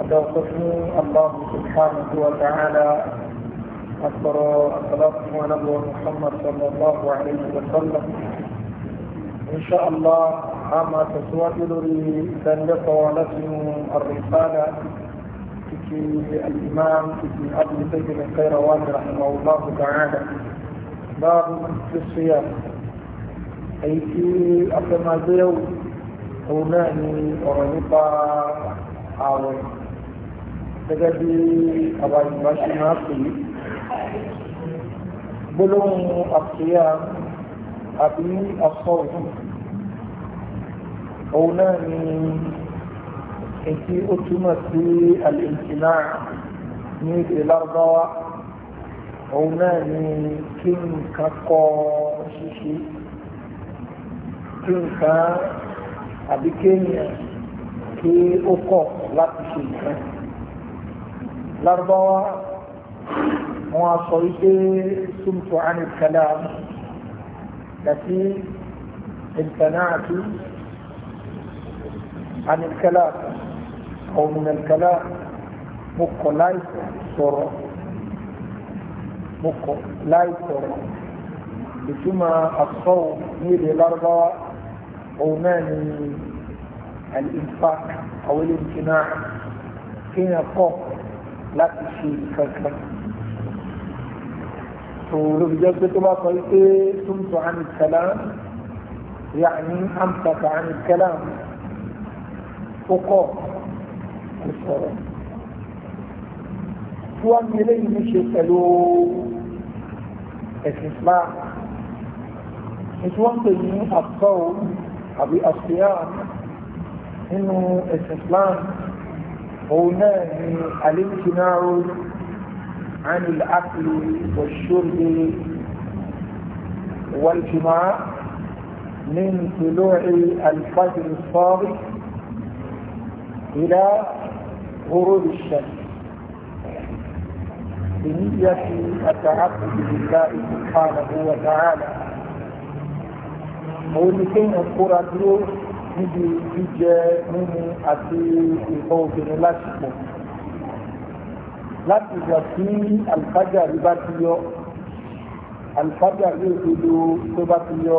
أدوكتني الله سبحانه وتعالى أكبر الصلاة ونبوة محمد صلى الله عليه وسلم إن شاء الله عما تسوأل لذلك لكم الرسالة في الإمام في أبي زيد القيرواني رحمه الله تعالى باب في الصيام أي في أبي مازيو هناني ورنبا gẹ́gẹ́ bí àwọn ìgbà ṣe máa pè é gbólóhùn àkúyà àbí àsọ̀rọ̀ òun náà ni èyí ó túmọ̀ sí àlèǹtìnà ní èdè lárúbáwá òun náà ni kí nǹkan kọ ṣíṣe kí nǹkan àbí kéèyàn kí ó kọ̀ láti ṣe nǹkan. الأربعة مواصلت سمت عن الكلام لكن امتنعت عن الكلام أو من الكلام مكو لايس سورة مكو لايس سورة بثم الصوم ميل الأربعة أو ناني الإنفاق أو الامتناع فينا القوة láti ṣe ìkankan òòrùn olùjẹ́ pé tó bá sọ wípé tó ń sọ àmì kẹlá yàní àmì àmì kẹlá ó kọ̀ kò sọ̀rọ̀ tí wọ́n ní eléyìí ní ṣe pẹ̀lú ẹ̀sìn Islam ètò pè ní àtọ́ àbí àṣìyá nínú ẹ̀sìn Islam òun الامتناع عن alimtinaru والشرب والجماع من طلوع الفجر الصادق إلى غروب الشمس بنية التعبد لله سبحانه وتعالى ولكي نذكر دروس níbi jíjẹ mímu àti ìfọ obìnrin lásìkò láti ìgbà tí alifájà rí bá ti yọ alifájà rí òdodo tó bá ti yọ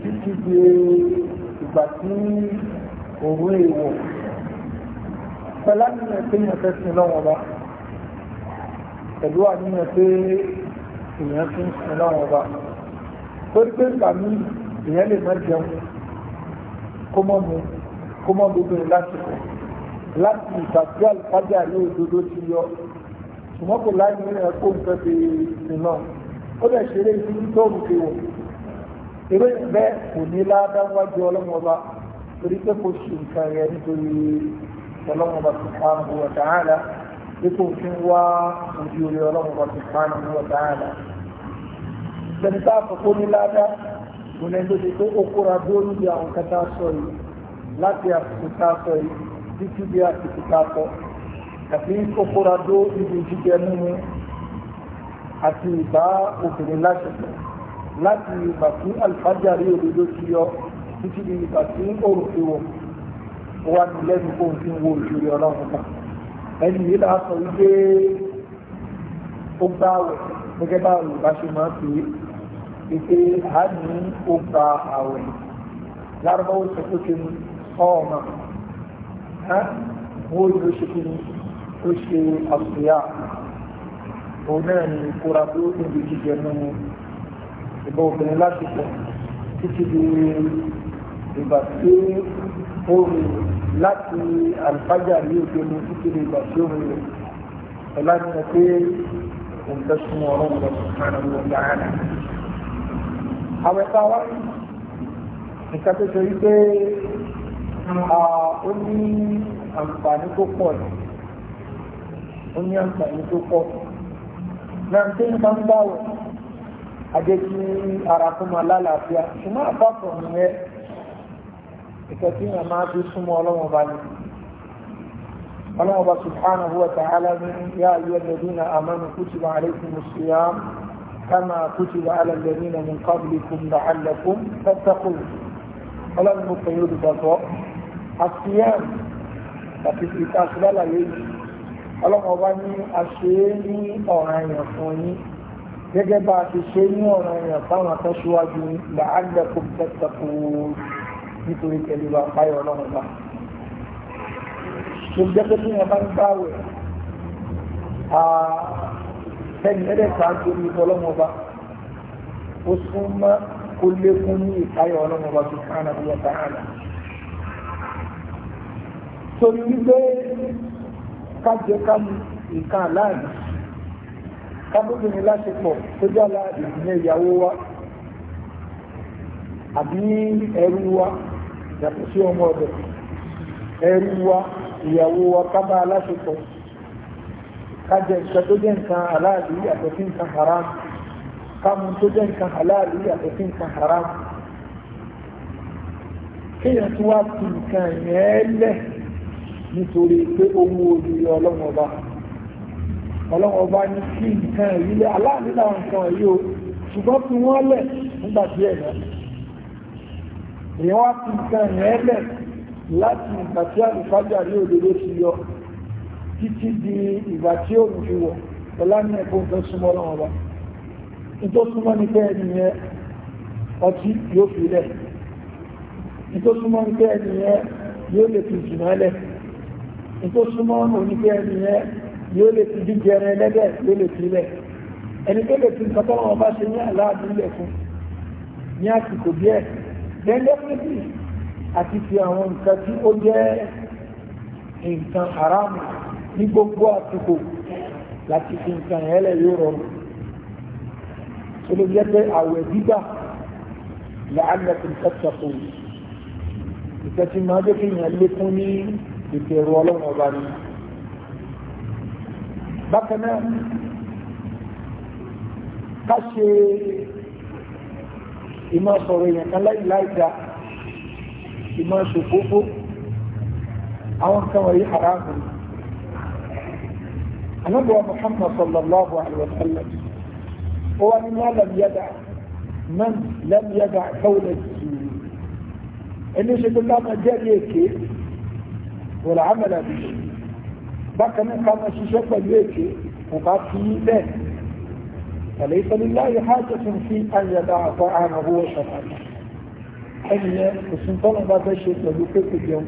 títí di ìgbà tí òru èèwọ̀ pẹ̀lá nínú ẹ̀sẹ̀ yẹn fẹ́ sin lọ́wọ́ bá pẹ̀lú àníyàn pé èèyàn fi ń sin lọ́wọ́ bá torí pé ìgbà míì èèyàn lè má jẹun kó mọ́ mu kó mọ́ gbogbo rẹ̀ lásìkò láti ìgbàgbé àlùfájà ní òdodo ti yọ ṣùgbọ́n kò láyé ní ẹ̀kọ́ nǹkan ti sìn náà ó dẹ̀ ṣeré ìdí tó ń fi wò eré ìgbẹ́ kò ní ládáwájú ọlọ́mọba torí pé kò ṣe nǹkan rẹ̀ nítorí ọlọ́mọba subhanahu wa ta'ala dípò tí ń wá ojú orí ọlọ́mọba subhanahu wa ta'ala. Ìgbẹ́ni tá a fọ́kó ní ládá òun lẹ́nu tó ṣe pé ó kóra dúró níbi àwọn kẹta sọ yìí láti àsìkò tá a sọ yìí títí bí àsìkò tá a sọ àti ó kóra dúró níbi jíjẹ mímu àti ìbá obìnrin láṣepọ̀ láti ìgbà tí alifájàrí òdodo ti yọ títí di ìgbà tí òòrùn ti wọ̀ wá ní lẹ́nu kó n fi wo ìṣòro ọlọ́run kan ẹni yìí láà wípé ó gbáwẹ̀ gẹ́gẹ́ bá olùbáṣe máa ń pè ìpè àmì ó gba àwẹ̀ lárúbáwò sọ pé kí n sọ ọmọ wọ́n ló ṣe kí ni ó ṣe àṣìyà òun náà ni ìkóra tó níbi jíjẹ nínú ìbá obìnrin láti pọ̀ títí di ìgbà tí ó rí láti àlùfájà ní òde mu títí di ìgbà tí ó rí rẹ̀ ọ̀la ni wọ́n pé òun tẹ́sùn ọ̀rọ̀ ọ̀gbọ̀n kan ló ń gbà á náà àwẹ̀ta wá nǹkan tó ṣe wípé ó ní àǹfààní tó pọ̀ ní ó ní àǹfààní tó pọ̀ náà tí ń bá ń bá wọ̀ ajé kí ara fún ma lálàáfíà ṣùgbọ́n àpapọ̀ nìyẹn nǹkan tí yàn máa fi súnmọ́ ọlọ́wọ́n bá ní ọlọ́wọ́n bá subhanahu wa ta'ala yá ayé ẹgbẹ̀rún àmọ́nù kutiba alaykumus siyam كما كتب على الذين من قبلكم لعلكم تتقون ọlọ́run mo pẹ̀lú olùgbàgbọ́ àfihàn àti ìtàkùn lálàyé yìí ọlọ́run ọba ní a ṣe é ní ọ̀ràn èèyàn fún yín gẹ́gẹ́ bá a ti ṣe é ní ọ̀ràn èèyàn fáwọn akẹ́ṣíwájú làálẹ̀kùn tẹ̀tẹ̀kùn nítorí pẹ̀lú àpáyọ̀ ọlọ́run ọba ṣùgbọ́n jẹ́ pé tí wọ́n bá ń gbáwẹ̀ tẹ́ni ẹ̀rẹ́ sáájú omi ọlọ́mọba ó súnmọ́ kó lékún ní ìtayọ̀ ọlọ́mọba tó kánà bí ọ̀tá àná. torí wípé kájẹ kámu ìka láàyè kábóbìnrin láṣepọ̀ tó jàlá ìdílé ìyàwó wa àbí ẹrú wa yàtọ̀ sí ọmọ ọ̀dọ̀ ẹrú wa ìyàwó wa kábà láṣepọ̀ kájẹ nǹkan tó jẹ́ nǹkan aláàlú yàtọ̀ sí nǹkan haram kámu tó jẹ́ nǹkan aláàlú yàtọ̀ sí nǹkan haram kéèyàn tún wá fi nǹkan yẹn lẹ̀ nítorí pé ó mú olùyọ ọlọ́wọ́n ọba ọlọ́wọ́n ọba ní kí nǹkan yìí lẹ̀ aláàlú làwọn nǹkan yìí o ṣùgbọ́n fi wọ́n lẹ̀ nígbà díẹ̀ náà èèyàn wá fi nǹkan yẹn lẹ̀ láti ìgbà tí àlùfáàjà rí òdodo ti yọ títí di ìgbà tí ó ń fi wọ̀ ọlá ní ẹ̀kọ́ tó súnmọ́ lọ́wọ́ bá tó súnmọ́ ní pé ẹniyẹn ọtí yóò fi lẹ̀ tó súnmọ́ ní pé ẹniyẹn yóò lè fi jùmọ́ lẹ̀ tó súnmọ́ ní pé ẹniyẹn yóò lè fi jíjẹrẹ ẹlẹ́dẹ̀ yóò lè fi lẹ̀ ẹni tó lè fi nǹkan tọ́lọ́wọ́ bá ṣe ní aláàdúlẹ̀ fún ní àsìkò díẹ̀ lẹ́lẹ́pẹ̀lẹ́ àti fi àwọn nǹkan tí ó jẹ́ nǹkan haramu ní gbogbo àsìkò láti fi nǹkan ẹ̀ẹ́lẹ̀ yóò rọrùn tó ló jẹ́ pé àwẹ̀ gbígbà làálẹ̀kùn tẹ́tẹ̀kù ìfẹ́ tí máa jẹ́ kí èèyàn lékún ní ìbẹ̀rù ọlọ́run ọba ni bákan náà ká ṣe ìmọ̀ sọ̀rọ̀ èèyàn kan láì láì dá ìmọ̀ ṣòfófó àwọn kan wọ̀nyí haramu نبوة محمد صلى الله عليه وسلم هو من لم يدع من لم يدع قول الدين اللي الله ما جاري كيف والعمل به بقى من قام شيشة وقال فيه به فليس لله حاجة في أن يدع طعامه وشرابه أن يسنطلب بشيء لذوقك اليوم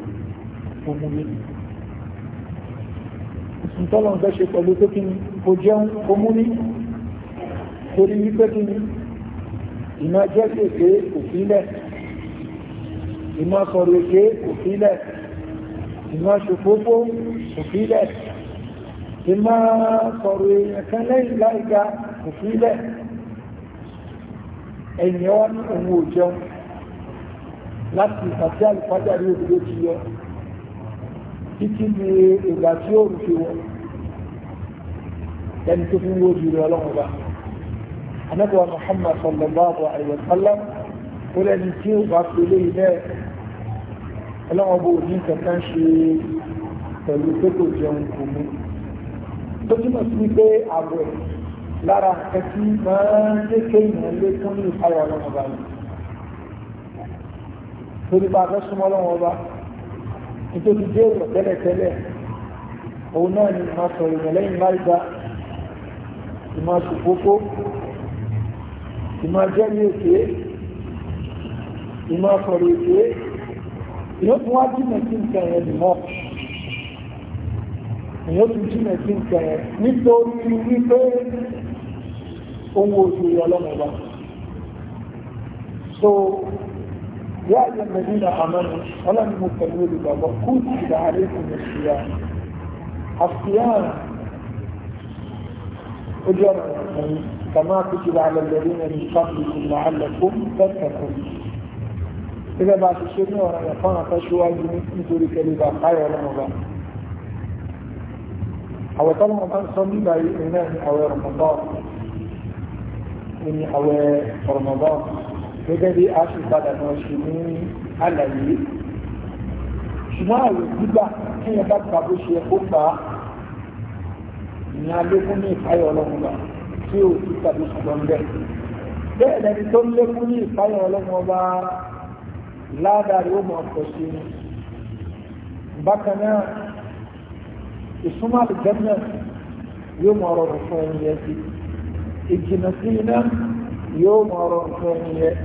ومؤمنين ìtọ́lọ̀ ń fẹ́ ṣe pẹ̀lú pé kí ni kò jẹun kò mú ní torí wípé kí ni ìmọ̀ jẹ́ èké kò sílẹ̀ ìmọ̀ sọ̀rọ̀ èké kò sílẹ̀ ìmọ̀ ṣòfófó kò sílẹ̀ ìmọ̀ sọ̀rọ̀ èèyàn kan lẹ́yìn láìka kò ẹ̀yìn ọ́ ní òun ò jẹun láti ìpàdé àlùfájà rí òdòdó ti yọ títí di ìgbà tí ó rù fi wọ ẹni tó fi ń wo jùlọ ọlọ́run bá anábọ̀ Muhammad sallallahu alaihi wa sallam ó lẹ́ni tí ó bá fi lé ilẹ̀ ọlọ́run bó ní kankan ṣe pẹ̀lú pé kò jẹun kò mú tó túmọ̀ sí wípé àwẹ̀ lára nǹkan tí máa ń lé kéèyàn lé fún ní ìpayà ọlọ́run bá ní torí bá a fẹ́ súnmọ́ ọlọ́run ọba tó ti dé èèyàn tẹ́lẹ̀tẹ́lẹ̀ òun náà ni ìmọ̀ sọ èèyàn lẹ́yìn láìgbà ìmọ̀ ṣùgbókó ìmọ̀ jẹ́ ní òkè ìmọ̀ sọ̀rọ̀ òkè yóò tún wá jìnà sí nǹkan yẹn nìmọ̀ yóò tún jìnà sí nǹkan yẹn nítorí wípé ohun òṣèré ọlọ́mọba so يا أيها الذين آمنوا ولم يكتبوا لبابا كتب عليكم الصيام الصيام أجر كما كتب على الذين من قبلكم لعلكم تتقون إذا بعد الشيء وأنا يقام فشوى ذلك كلمة خير رمضان أو طلع كان صلي بقى إيمان أو رمضان إني أو رمضان gẹ́gẹ́ bí a ṣe padà náà ṣe ní àlàyé ṣùgbọ́n àwẹ̀ gbígbà kí ẹ bá gbà bó ṣe ẹ kó gbà á ní alékún ní ìfáyọ̀ ọlọ́run lọ tí ó ti tàbí ṣùgbọ́n bẹ́ẹ̀ bẹ́ẹ̀ lẹni tó ń lékún ní ìfáyọ̀ ọlọ́run ọba ládàrí ó mọ̀ ọ̀pọ̀ sí ni bákan náà ìsúnmọ́ àlùjẹ́mẹ̀ yóò mọ̀ ọ̀rọ̀ fún ẹni yẹn sí ìjìnà sí iná yóò mọ̀ ọ̀rọ̀ fún ẹni yẹn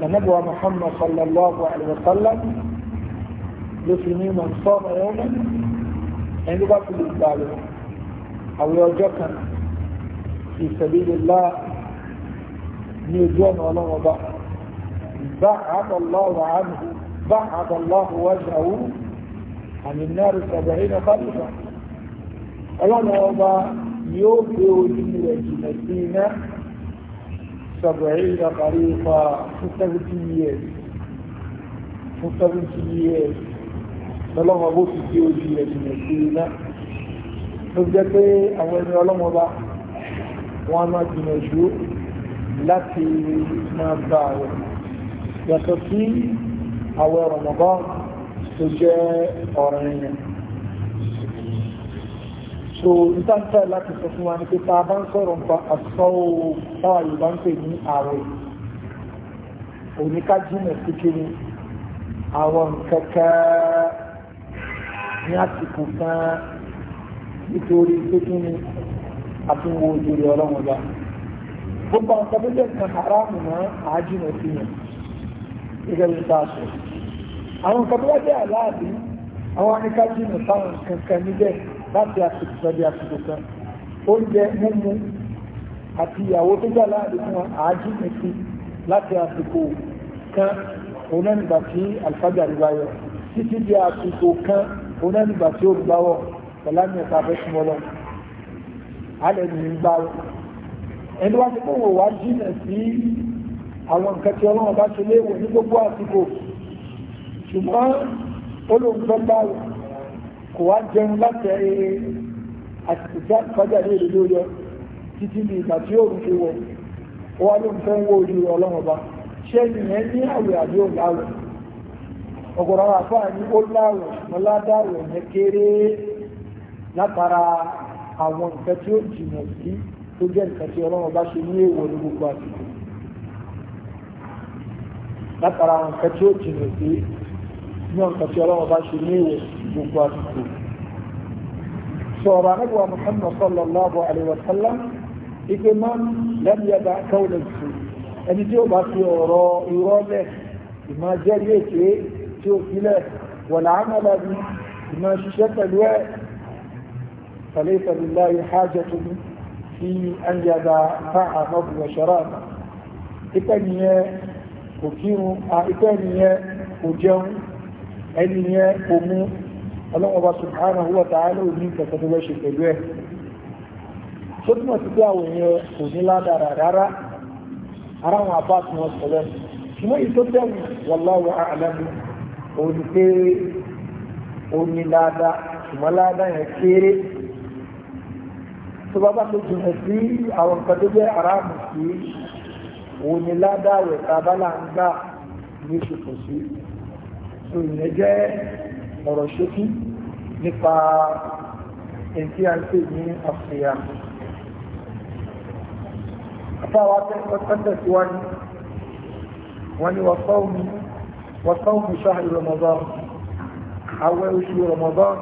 لنبوى محمد صلى الله عليه وسلم لسني من صام يوما عندما في الإسلام أو يوجد في سبيل الله نيجون ولا وضع بعد الله عنه بعد الله وجهه عن النار سبعين خلفا ọlọ́run ọba yóò gbé ojú rẹ̀ jìnà sí iná سبعين طريقة ستبتية ستبتية ọlọ́mọ bó ti tí ó di ẹ̀sìnlẹ̀ sí iná ló jẹ́ pé àwọn ẹni ọlọ́mọ bá wọn máa jìnà jù láti máa gba àwẹ̀ yàtọ̀ sí àwẹ̀ Ramadan tó jẹ́ ọ̀ranyàn so ìtànfẹ́ láti sọ fún wa ní pé tá a bá ń sọ̀rọ̀ nípa àsọ́wò táwa yorùbá ń pè ní ààrẹ oníkájúmọ̀ sí kiri àwọn kẹ̀kẹ́ ní àsìkò kan nítorí pé kí ni àfihàn òjòrè ọlọ́run bá gbogbo àwọn tàbílẹ̀ kan haramu náà àájúmọ̀ sí yẹn gẹ́gẹ́ bí tá sọ àwọn tàbílẹ̀ aláàbí àwọn oníkájúmọ̀ sáwọn kankan níbẹ̀ láti àsìkò sọ́dí àsìkò kan oúnjẹ múmu àti ìyàwó tó gbà láàrin fún àájú nìkan láti àsìkò kan òun náà nígbà tí àlùfáàjà rí wáyọ títí di àsìkò kan òun náà nígbà tí olùgbàwọ pẹ̀lá ní ẹ̀ka abẹ́ súnmọ́ lọ alẹ́ ní ń gbá ẹni wá sí pé wá jìnà sí àwọn nǹkan tí ọlọ́run bá ṣe léèwọ̀ ní gbogbo àsìkò ṣùgbọ́n olóńgbọ́n gbáwọ̀ kò wá jẹun láti àtìkùjá ìfájáde èdè ló yọ títí ní ìgbà tí òun ti wọ ó wá ló ń fẹ́ ń wó ojú ọlọ́run ọba ṣé ìyẹn ní àwẹ̀ àbí ò láwẹ̀ ọ̀gọ̀rọ̀ àwọn àfáà ní ó láwẹ̀ ṣùgbọ́n ládàwẹ̀ yẹn kéré látara àwọn nǹkan tí ó jìnà sí tó jẹ́ nǹkan tí ọlọ́run ọba ṣe ní èèwọ̀ ní gbogbo àsìkò látara àwọn nǹkan tí ó jìnà sí ní ọ̀nà tí ọlọ́wọ́ bá ṣe ní ìwẹ̀ gbogbo àsìkò sọ̀rọ̀ anábíwá muhammad sallallahu alaihi wa sallam ike máa ń lẹ́nu ẹ̀dá kọ́ọ̀lẹ̀ sí ẹni tí ó bá fi ọ̀rọ̀ irọ́ lẹ̀ ìmọ̀ jẹ́rí èké tí ó filẹ̀ wọ̀lá àmàlà bí ìmọ̀ ṣiṣẹ́ pẹ̀lú ẹ̀ pẹ̀lú ìfẹ̀lú tó ní fi ẹnjẹ́dá ká àmọ́bù ọ̀ṣọ́rọ̀ ìpẹ́ nìyẹn kò jẹun ẹni yẹn kò mú ọlọ́wọ́ba subhanahu wa ta'ala ní kẹsẹ̀ tó wẹ́ṣẹ̀ pẹ̀lú ẹ̀ tó túnmọ̀ sí pé àwọn èèyàn kò ní ládàra rárá ara wọn àbá tí wọ́n sọ lẹ́nu ṣùgbọ́n èyí tó tẹ̀wù wallahu a'lamu òun pé òun ni ṣùgbọ́n ládàá yẹn kéré tó bá bá tó jìnà sí àwọn nǹkan tó jẹ́ aráàmù sí òun ni rẹ̀ tábàlà ń gbà ní ṣùkùn sí so ìyẹn jẹ́ ọ̀rọ̀ ṣókí nípa èyí à ń pè ní àfihàn afáwa tẹ̀síwájú wọ́n ní wọ́sọ́ọ̀mù ṣáà Ramadan àwẹ̀ oṣù Ramadan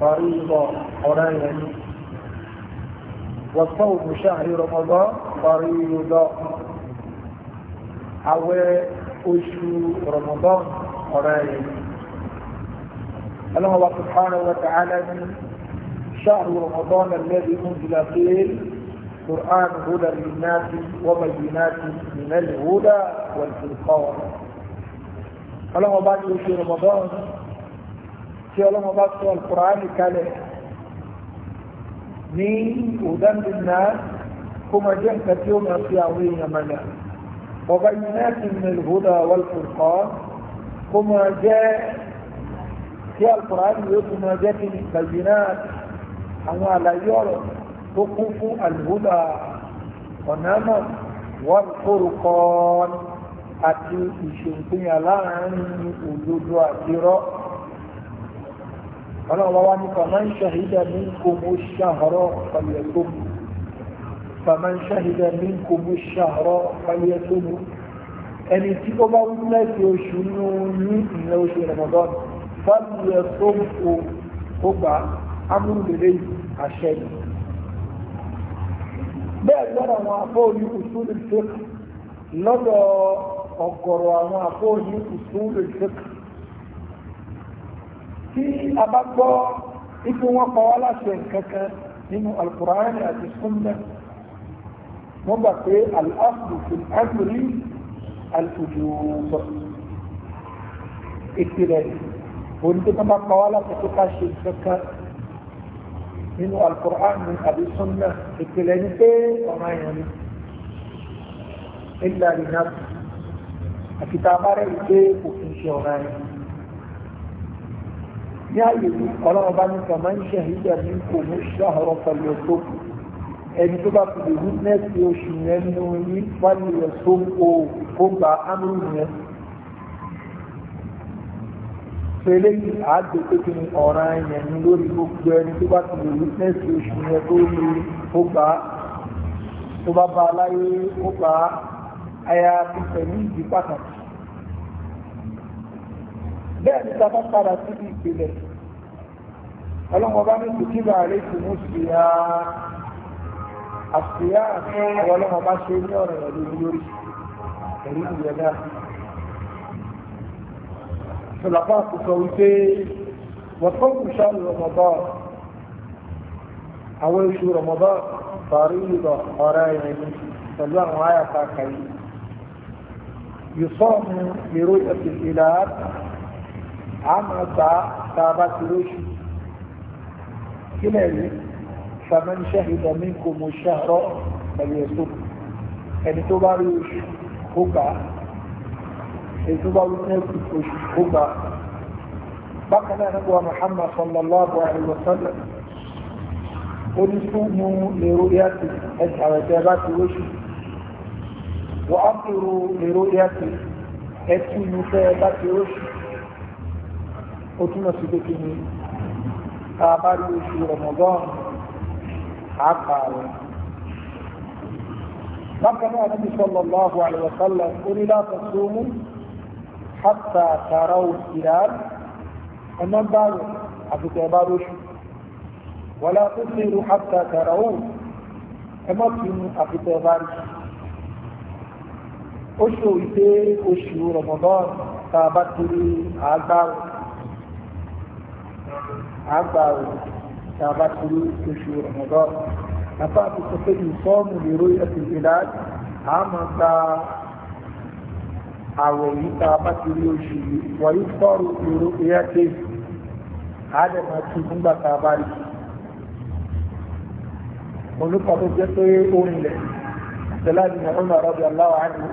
فريضة قرآن والصوم شهر رمضان فريضة أو أشهر رمضان ọ̀rọ̀ rẹ̀ ọlọ́run wa subhanahu wa ta'ala ní ṣáàrù ramadan alladhi unzila fihi القرآن هدى للناس وبينات من الهدى والفرقان ọlọ́wọ́ bá ti ṣe rọmọdán tí ọlọ́wọ́ bá sọ alkùránì kalẹ̀ ní òdánbìnà kó ma jẹ́ nǹkan tí ó máa fi yìí náà ti mẹ́lì hódà wàlùkùrkọ́ kó máa jẹ́ tí alukùránì yóò tún máa jẹ́ kí ni kàyínà àwọn àlàyé ọ̀rọ̀ tó kún fún àlùbúdà ọ̀nàmà wọ́n kóru kọ́ọ́n àti ìṣèǹpinya láàárín òdodo àti irọ́ ọlọ́wọ́ wa ní fàmán ṣàhídà ní kò mú ṣàhọ́rọ́ pàlẹ́ tó mú fàmán ṣàhídà ní kò mú ṣàhọ́rọ́ pàlẹ́ tó mú ẹni tí ó bá wú lẹ́sí oṣù ní ìlẹ̀ oṣù ramadan fọ́nù rẹ̀ tó ń fò ó gbà amúlùmílẹ̀ àṣẹ yìí bẹ́ẹ̀ lọ́dọ̀ àwọn afọ́ọ̀lù usul al-fiqh lọ́dọ̀ ọ̀gọ̀rọ̀ àwọn afọ́ọ̀lù usul al-fiqh tí a bá gbọ́ ikú wọn pa wá láṣẹ kankan nínú al-Qur'an àti sunnah wọ́n gbà pé al-aslu fil amri alùjùmọ̀ ìpìlẹ̀ oníkó tó bá pa wá láti tó ká ṣe kankan nínú alukur'an àbí sunna ìpìlẹ̀ ní pé ọ̀ràn yẹn ni ilà ìyá àti tá a bá rẹ̀ wípé òfin ṣe ọ̀ràn ẹni tó bá fi lè wítínẹ́sì oṣù yẹn nínú yín wálé rẹ̀ tó ń po kó gba ámúrù yẹn pẹ̀lẹ́ yìí àádọ́ pé kí ni ọ̀ràn yẹn ní lórí gbogbo ẹni tó bá ti lè wítínẹ́sì oṣù yẹn tó ní ó gbà á tó bá bá aláyé ó gbà á aya pẹ̀lú ìdí pàtàkì. bẹ́ẹ̀ ni sábà padà síbi ìpìlẹ̀ ọlọ́mọba ní kùtìbà àlejò mú sí i àṣìyá àwọn ọlọ́mọ bá ṣe ní ọ̀rọ̀ ìrọ̀lẹ́ lórí ẹ̀rí ìyẹn náà ṣùlọ́pọ̀ àkùsọ wípé wọ́tọ́kù ṣáàlù rọmọdọ́ àwọn oṣù rọmọdọ́ sọ̀rọ̀ ìlọ ọ̀rọ̀ ìrìn pẹ̀lú àwọn فمن شهد منكم الشهر فليصم ẹni tó bá rí oṣù kó gbà á èyí tó bá rí oṣù kó gbà á bákan náà nígbà Muhammad sallallahu alaihi wa sallam ó ní súnmù lérò yàtì ẹ̀sìn àwẹ̀tẹ̀ láti oṣù wọ́n á kúrò lérò yàtì ẹ̀sìn ìfẹ́ láti oṣù ó túnmọ̀ sí pé kí ni a bá rí oṣù Ramadan pàápàá rẹ̀. bákan náà níbi sallallahu alaihi wa sallam orí láti súnmú hatta tààrà òkìrá ẹ̀mọ́ bá rẹ̀ àtìkẹ́ bá lóṣù wọlá tó ṣe irú hatta tààrà ó ẹ̀mọ́ fi àtìkẹ́ bá rẹ̀. oṣù ìpè oṣù Ramadan tá a bá ti rí àgbà tàbá kúrú oṣù rọmọdọ àfa àtúntò pé ìfọ́ọ̀mù lèrò ẹ̀sìn ìlàjì àmọ́ ta àwẹ̀ yìí tàbá kúrú oṣù yìí wọ̀nyí fọ́ọ̀rù lèrò ẹ̀yàtẹ̀ àdèmà tún nígbà tàbá rí olùkọ́ tó jẹ́ pé ó ń lẹ̀ sẹ́lá ni ọ̀nà rọ̀bì aláwọ̀ àná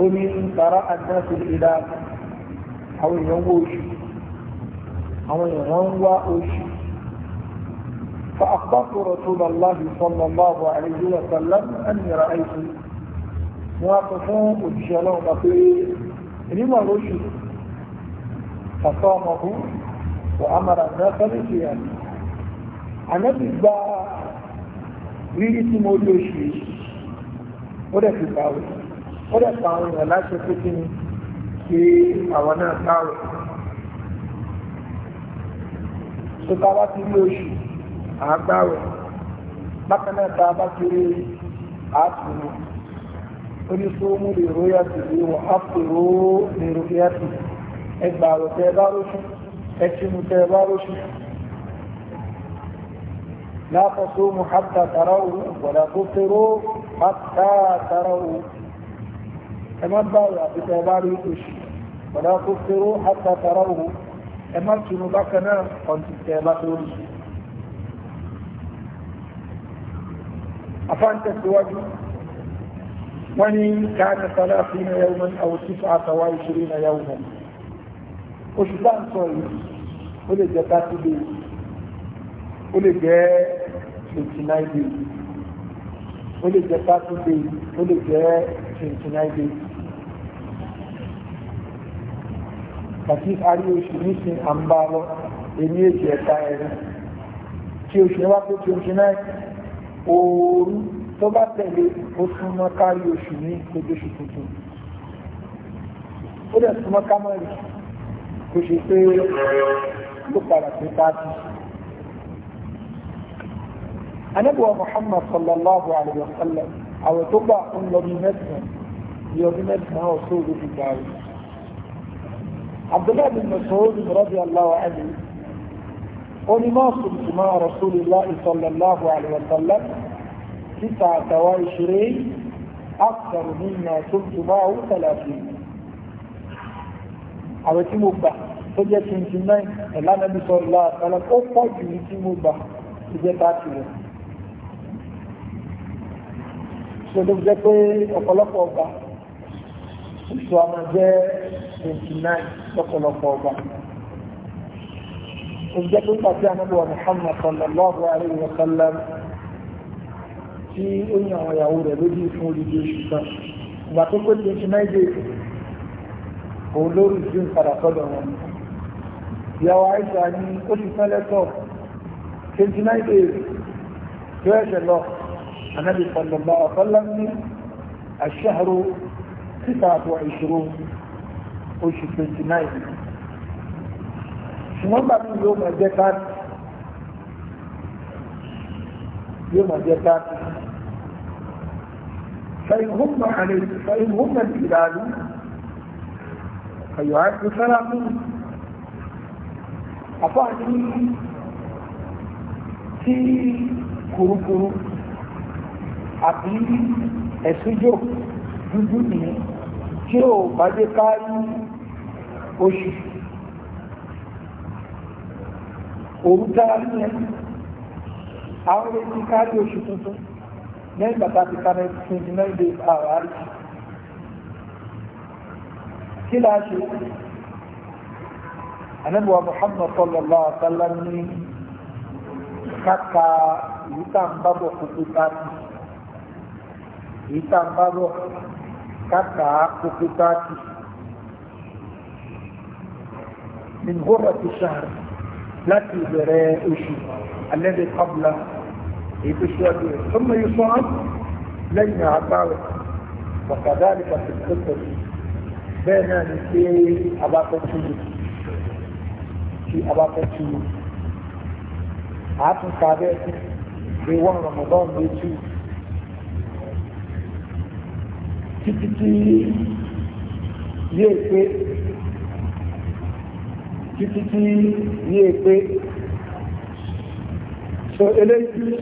ó ní tàrá àdínà sí ìlàjì àwọn èèyàn wọ oṣù àwọn èèyàn ń wá oṣù فأخبرت رسول الله صلى الله عليه وسلم أني رأيت واقفون وجلون بقير لما رشد فصامه وأمر الناس بصيامه أنا بقى ريت مولوشي ولا في باوي ولا باوي ولا شكتني في أوانا باوي tó ta bá ti rí oṣù àgbáwẹ̀ bákan náà ta bá ti rí àtúnú oníṣòwò lè róyà sí i wọ́n á pèrò lè róyà sí i ẹgbà rò tẹ bá róṣù ẹtìmù tẹ bá róṣù látọ̀tọ̀ hàtà tàrà òun gbọ̀dà tó tẹ̀rọ hàtà tàrà òun ẹ má bá rò àti tẹ bá rí oṣù gbọ̀dà tó tẹ̀rọ hàtà tàrà òun ẹ má tunu bákan náà ọ̀tí tẹ ẹ bá tó rí. afáǹtẹ̀síwájú wọ́n ní káàkiri sálá sí ní ẹ̀rọ àwòtífà àtàwá ìṣeré ní ẹ̀yà òun oṣù bá ń sọ yìí ó lè jẹ́ thirty days ó lè jẹ́ twenty nine days ó lè jẹ́ thirty days ó lè jẹ́ twenty nine days. àti arí oṣù nísìn à ń bá lọ èmi èjì ẹ̀ka ẹ̀rin tí oṣù wá pé twenty nine ooru tó bá tẹ̀lé ó súnmọ́ kárí oṣù ní oṣù tuntun ó dẹ̀ súnmọ́ kámẹ́rì kò ṣe pé ló padà sí pàtì. anábìwá Muhammad sallallahu alayhi wa sallam àwọn tó gbà ń lọ bí mẹ́sàn-án ní ọdún mẹ́sàn-án ọ̀ṣọ́ òdòdó gbà rẹ̀ abdullahi bin masoud radiyallahu anhu oni ma kuntu ma rasulillahi sallallahu alaihi wa sallam tis'ata wa ishirin أكثر مما كنت معه ثلاثين àwọn tí mo gbà tó jẹ́ twenty nine ẹ̀lànà bí sọ ìlà àtàlà ó pọ̀ jù ní tí mo gbà tó jẹ́ thirty one. ṣé ló jẹ́ pé ọ̀pọ̀lọpọ̀ ọgbà sísọ ọmọ jẹ́ twenty nine lọ́pọ̀lọpọ̀ ọba ó jẹ́ pé pàṣẹ anábọ̀ Muhammad sallallahu alayhi wa sallam tí ó ní àwọn ìyàwó rẹ̀ lójú fún olùdí oṣù kan ìgbà tó pé twenty nine days òun ló rí sí padà sọ́dọ̀ wọn ìyàwó àìsà ni ó ti tán lẹ́tọ̀ twenty nine tó ẹ̀ṣẹ̀ lọ anábì sallallahu alayhi ní aṣ-ṣahru ستة وعشرون oṣù 29 ṣùgbọ́n bá mi yóò máa jẹ́ káàdì yóò máa jẹ́ káàdì فإنهم عليه فإنهم الهلال فيعد ثلاثون أفعني في كروكورو àbí ẹ̀sùjò dúdú nìyẹn tí ó bá dé kárí oṣù òru dára ní ẹ àwọn ètí kárí oṣù tuntun lẹ́yìn bàtà ti ká náà twenty days àwọn kí láà ṣe anábíwá Muhammad sallallahu alaihi wa sallam ní káka ìyíká ń bábọ̀ kókó tá a ti ìyíká ń kókó حتى فقطات من غرة الشهر لا تدراء الذي قبل يتشوى ثم يصعد لين عطاوة وكذلك في الخطر بين نسي أباقة في أباقة تشوى عطم صادقة في وان رمضان بيتشوى títí tí yé pé títí tí yé pé so eléyìí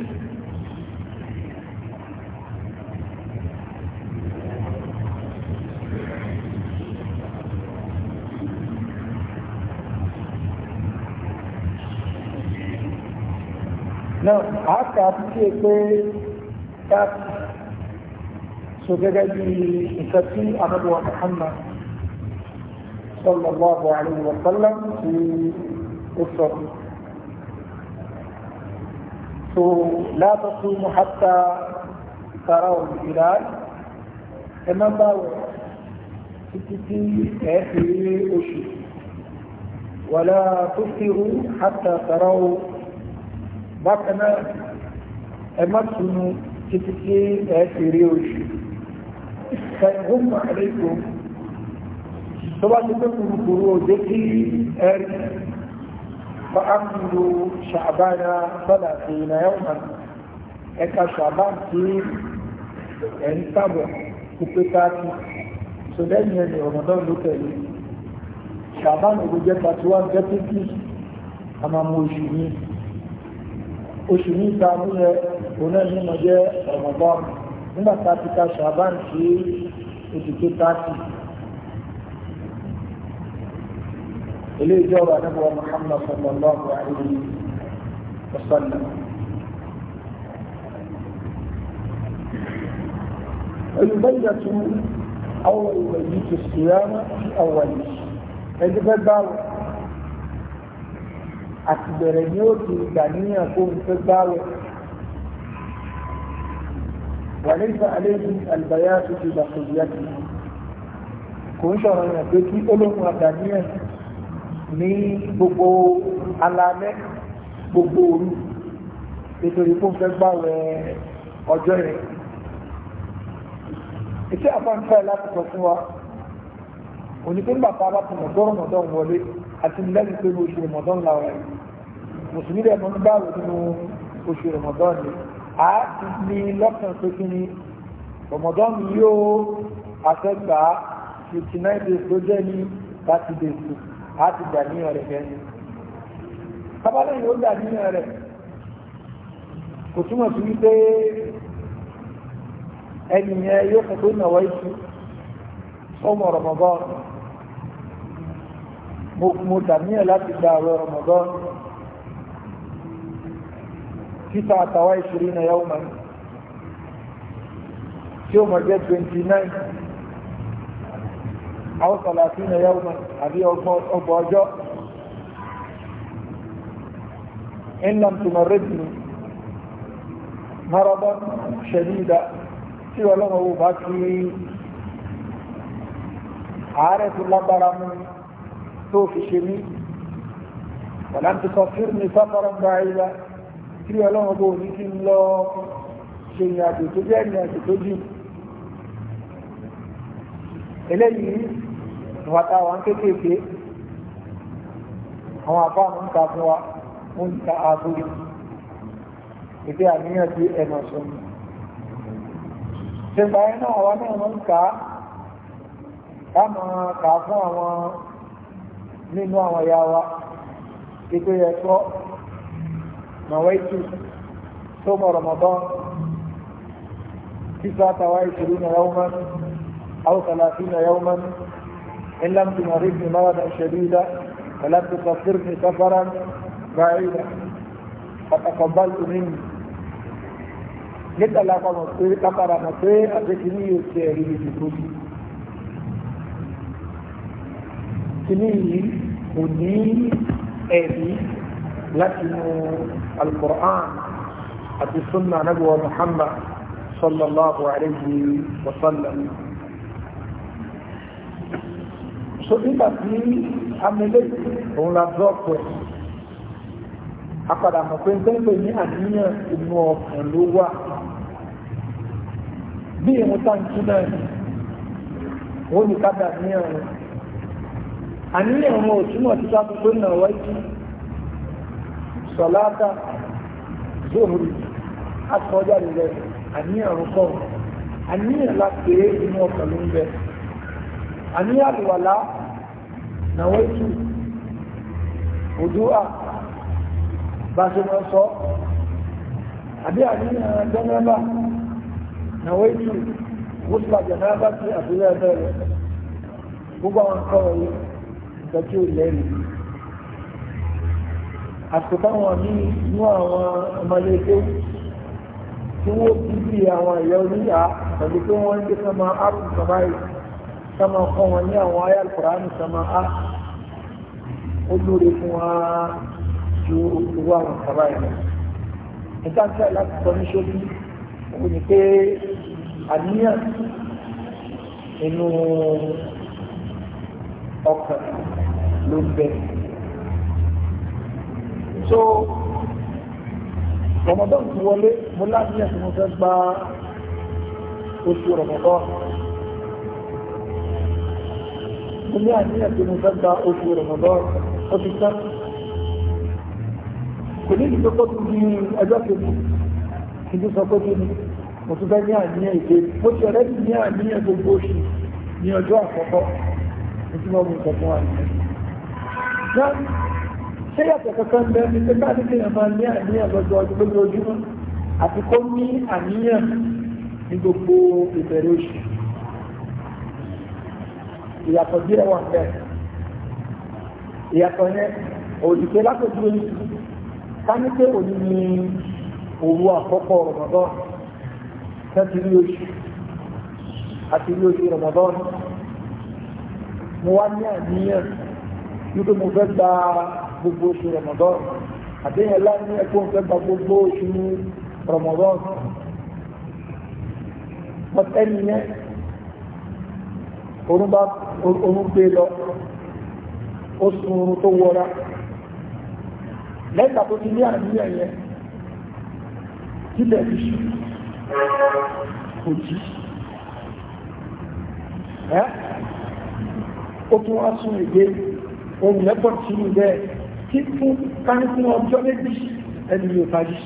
náà àákà tí é pé so gẹ́gẹ́ bí nǹkan tí anábíwá Muhammad sallallahu alayhi wa sallam tí ó sọ so la tasumu hatta taraw al-hilal ẹ má bá wẹ̀ títí tí ẹ̀ fi rí oṣù wàlá tó rú hatta taraw bákan náà ẹ má títí tí ẹ̀ rí oṣù فيغم عليكم طبعا تكون القرود التي فأكملوا شعبان ثلاثين يوما إذا شعبان في انتبه كبتاتي سودان يعني رمضان لتالي شعبان وجدت أتوان جتتي أمام وشمين وشمين تعمل هنا هنا جاء رمضان nígbà tá a ti ka ṣàbán sí oṣù tó tààtì eléyìí jọba anábọ̀ Muhammad sallallahu alayhi wa sallam. البيضة أول بيت الصيام في أول ẹni fẹ́ gbáwẹ̀ àti ni ó ti gbà níyàn kó n fẹ́ gbáwẹ̀ وليس عليه البيات في بقيته kò ń sọ̀rọ̀ yẹn pé kí olóhùn àdàníyàn ní gbogbo alalẹ́ gbogbo òru nítorí fún fẹ́ gbàwẹ̀ ọjọ́ yẹn iṣẹ́ àfáǹfà láti sọ fún wa onígbà bàbá ti mọ̀ gbọ́rọ̀ mọ̀dán wọlé àti lẹ́yìn pé oṣù rẹ̀ mọ̀dán làwọn mùsùlùmí rẹ̀ mọ̀ nínú oṣù rẹ̀ mọ̀dán yìí a ti ní lọ́kàn pé kí ni Ramadan yóò afẹ́gbà fifty nine days tó jẹ́ ní thirty days a ti gbà níyàn rẹ̀ bẹ́ẹ̀ ni yóò gbà rẹ̀ kò túmọ̀ sí wípé ẹnìyẹn yóò kọ́kọ́ ìnáwó ìtú ọmọ Ramadan mo dà níyàn láti gba àwẹ̀ Ramadan. تسعة وعشرين يوما يوم جاء 29 أو 30 يوما أبي أبو أجاء إن لم تمردني مرضا شديدا سوى له باكي عارف الله برم توفي شمي ولم تسفرني سفرا بعيدا tí ọlọ́run bó ní kí ń lọ ṣe ìrìn àjò tó jẹ́ ìrìn àjò tó jìn eléyìí ìwàta wa ń kékèké àwọn àbáwọn ń ta fún wa ń ta àbúrò ìdí àníyàn sí ẹ̀nà sọ́nù ṣẹ̀bà iná àwa náà wọ́n ń kà á ká fún àwọn nínú àwọn ìyá wa ìpè ẹ̀kọ́ نويت صوم رمضان تسعة وعشرين يوما أو ثلاثين يوما إن لم تمرضني مرضا شديدا ولم تسفرني سفرا بعيدا فتقبلت مني nígbà lápá mọ̀ pé lápára mọ̀ pé àgbékí ní yóò ṣe ẹ̀rí láti mú al-Qur'an àti sunna nabuwa Muhammad sallallahu alayhi wa sallam so nígbà tí amẹ́lẹ́ òun la dọ́ọ̀pù ẹ̀ apadà mọ̀ pé gbẹ́gbẹ́ ní àníyàn inú ọkàn ló wà bí ìwọ̀n táǹkì náà wọ́n ní ká dà níyàn rẹ̀ àníyàn wọn ò túmọ̀ sí tó nà wáyé sọ̀láta zohori akọjáde rẹ̀ àníyàn kọ́ àníyàn la pé inú ọkàn ló ń bẹ àníyàn àlùwàlá nàwọ́ ètù òdúwà bá ṣe mọ́ sọ àbí àníyàn jẹ́nẹ́bà nàwọ́ ètù mùsùlùmí jẹ́nẹ́bà sí àbúrẹ́ ẹgbẹ́ gbogbo àwọn akọ́wọ̀ yìí ìtọ́jú ìlẹ́rìí àtòkáwọn ní inú àwọn ọmọlẹ́gbẹ́ tí wọ́n bí bí àwọn ẹ̀yà oníyà pẹ̀lú pé wọ́n ń gbé sọ́mọ áàpù sọ́mọ yìí sọ́mọ kọ́ wọn ní àwọn ayé alukùránì sọ́mọ á ó lóore fún wa ju owó àwọn sọ́mọ yìí lọ. nígbà tí a láti sọ ní ṣókí kò ní pé àníyàn inú ọkàn ló ń bẹ̀rẹ̀ so rọmọdọ́n ti wọlé mo láti ẹ̀sìn mo fẹ́ gba oṣù rọmọdọ́n mo ní àníyàn tí mo fẹ́ gba oṣù rọmọdọ́n ó ti tán kò ní ìdí tó tún di ẹjọ́ kejì kí ló sọ pé kí ni mo tún fẹ́ ní àníyàn ìpè mo ti ọ̀rẹ́ ní àníyàn gbogbo oṣù ní ọjọ́ àkọ́kọ́ mo tún mọ́ mi sọ fún àníyàn ṣé yàtọ̀ kankan bẹ ní pé káàdì kí èèyàn máa ní àníyàn lọ́jọ́ ọdún lójoojúmọ́ àti kó ní àníyàn ní gbogbo ìbẹ̀rẹ̀ oṣù ìyàtọ̀ díẹ̀ wà bẹ́ẹ̀ ìyàtọ̀ yẹn òdìpé lápẹ̀jú ní káni pé òní ni òru àkọ́kọ́ Ramadan tẹ́tí rí oṣù àti rí oṣù Ramadan mo wá ní àníyàn wípé mo fẹ́ gba gbogbo oṣù Ramadan àdéhùn ńlá ní ẹkọ ń fẹ́ gba gbogbo oṣù Ramadan but ẹni yẹn orun bá orun gbé lọ ó sun orun tó wọra lẹ́gbà tó ti ní àníyàn yẹn sílẹ̀ fi ṣù kò jí ó tún wá sún ìgbé ohun ẹ̀pọ̀ tí bẹ́ẹ̀ tí fún káni fún ọjọ́ méjì ẹni yóò tají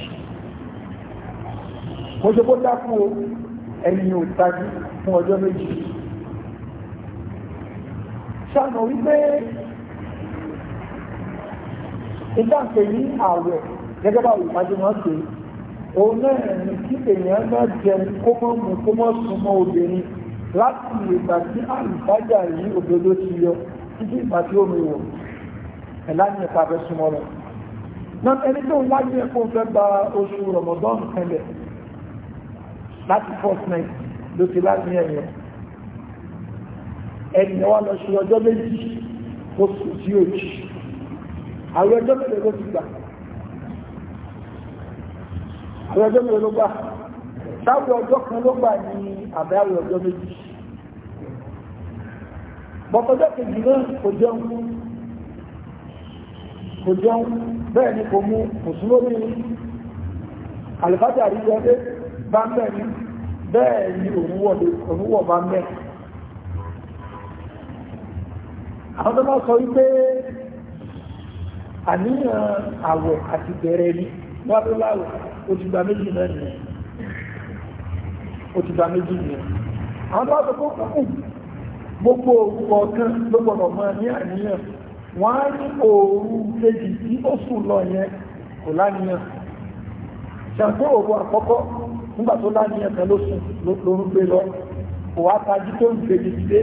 mo ṣe kó dákú o ẹni yóò tají fún ọjọ́ méjì ṣàmọ̀ wípé ìdáǹpẹ̀ ní ààwẹ̀ gẹ́gẹ́ bá ìpàdé wọn ṣe òun náà ní kí èèyàn náà jẹun kó mọ́ mú kó mọ́ sún mọ́ obìnrin láti ìgbà tí àlùfájà yìí òdodo ti yọ títí ìgbà tí ó mi wọ̀ ẹ̀lá ní ẹ̀ka fẹ́ súnmọ́ rẹ̀ náà ẹni tó ń wá ní ẹ̀kọ́ fẹ́ gba oṣù Ramadan ẹlẹ̀ láti first night ló ti láti ẹ̀yẹ ẹ̀yẹ wa lọ ṣe ọjọ́ méjì kó sùn sí òjì àwọn ẹjọ́ mẹ́rin ló ti gbà àwọn ẹjọ́ mẹ́rin ló gbà sáwọn ọjọ́ kan ló gbà ní àbẹ́ àwọn ọjọ́ méjì bọ́kọjọ́ kejì náà kò jẹun kò jẹun bẹ́ẹ̀ ni kò mú mùsùlùmí alìfájà rí wọlé bá mẹ́ ni bẹ́ẹ̀ ni òwúwọ̀ bá mẹ́ àwọn tó bá sọ wípé àníyàn àwẹ̀ àti bẹ̀rẹ̀ ni wọ́n tó láwẹ̀ ó ti gba méjì náà nìyẹn ó ti gba méjì nìyẹn àwọn tó bá sọ pé gbogbo òwúwọ̀ kan ló gbọ́dọ̀ ní àníyàn wọ́n á ní òru kejì tí ó sùn lọ yẹn kò láníyàn ṣàpé òru àkọ́kọ́ nígbà tó láníyàn kan ló sùn ló ń gbé lọ kò wá tají tó ń kejì dé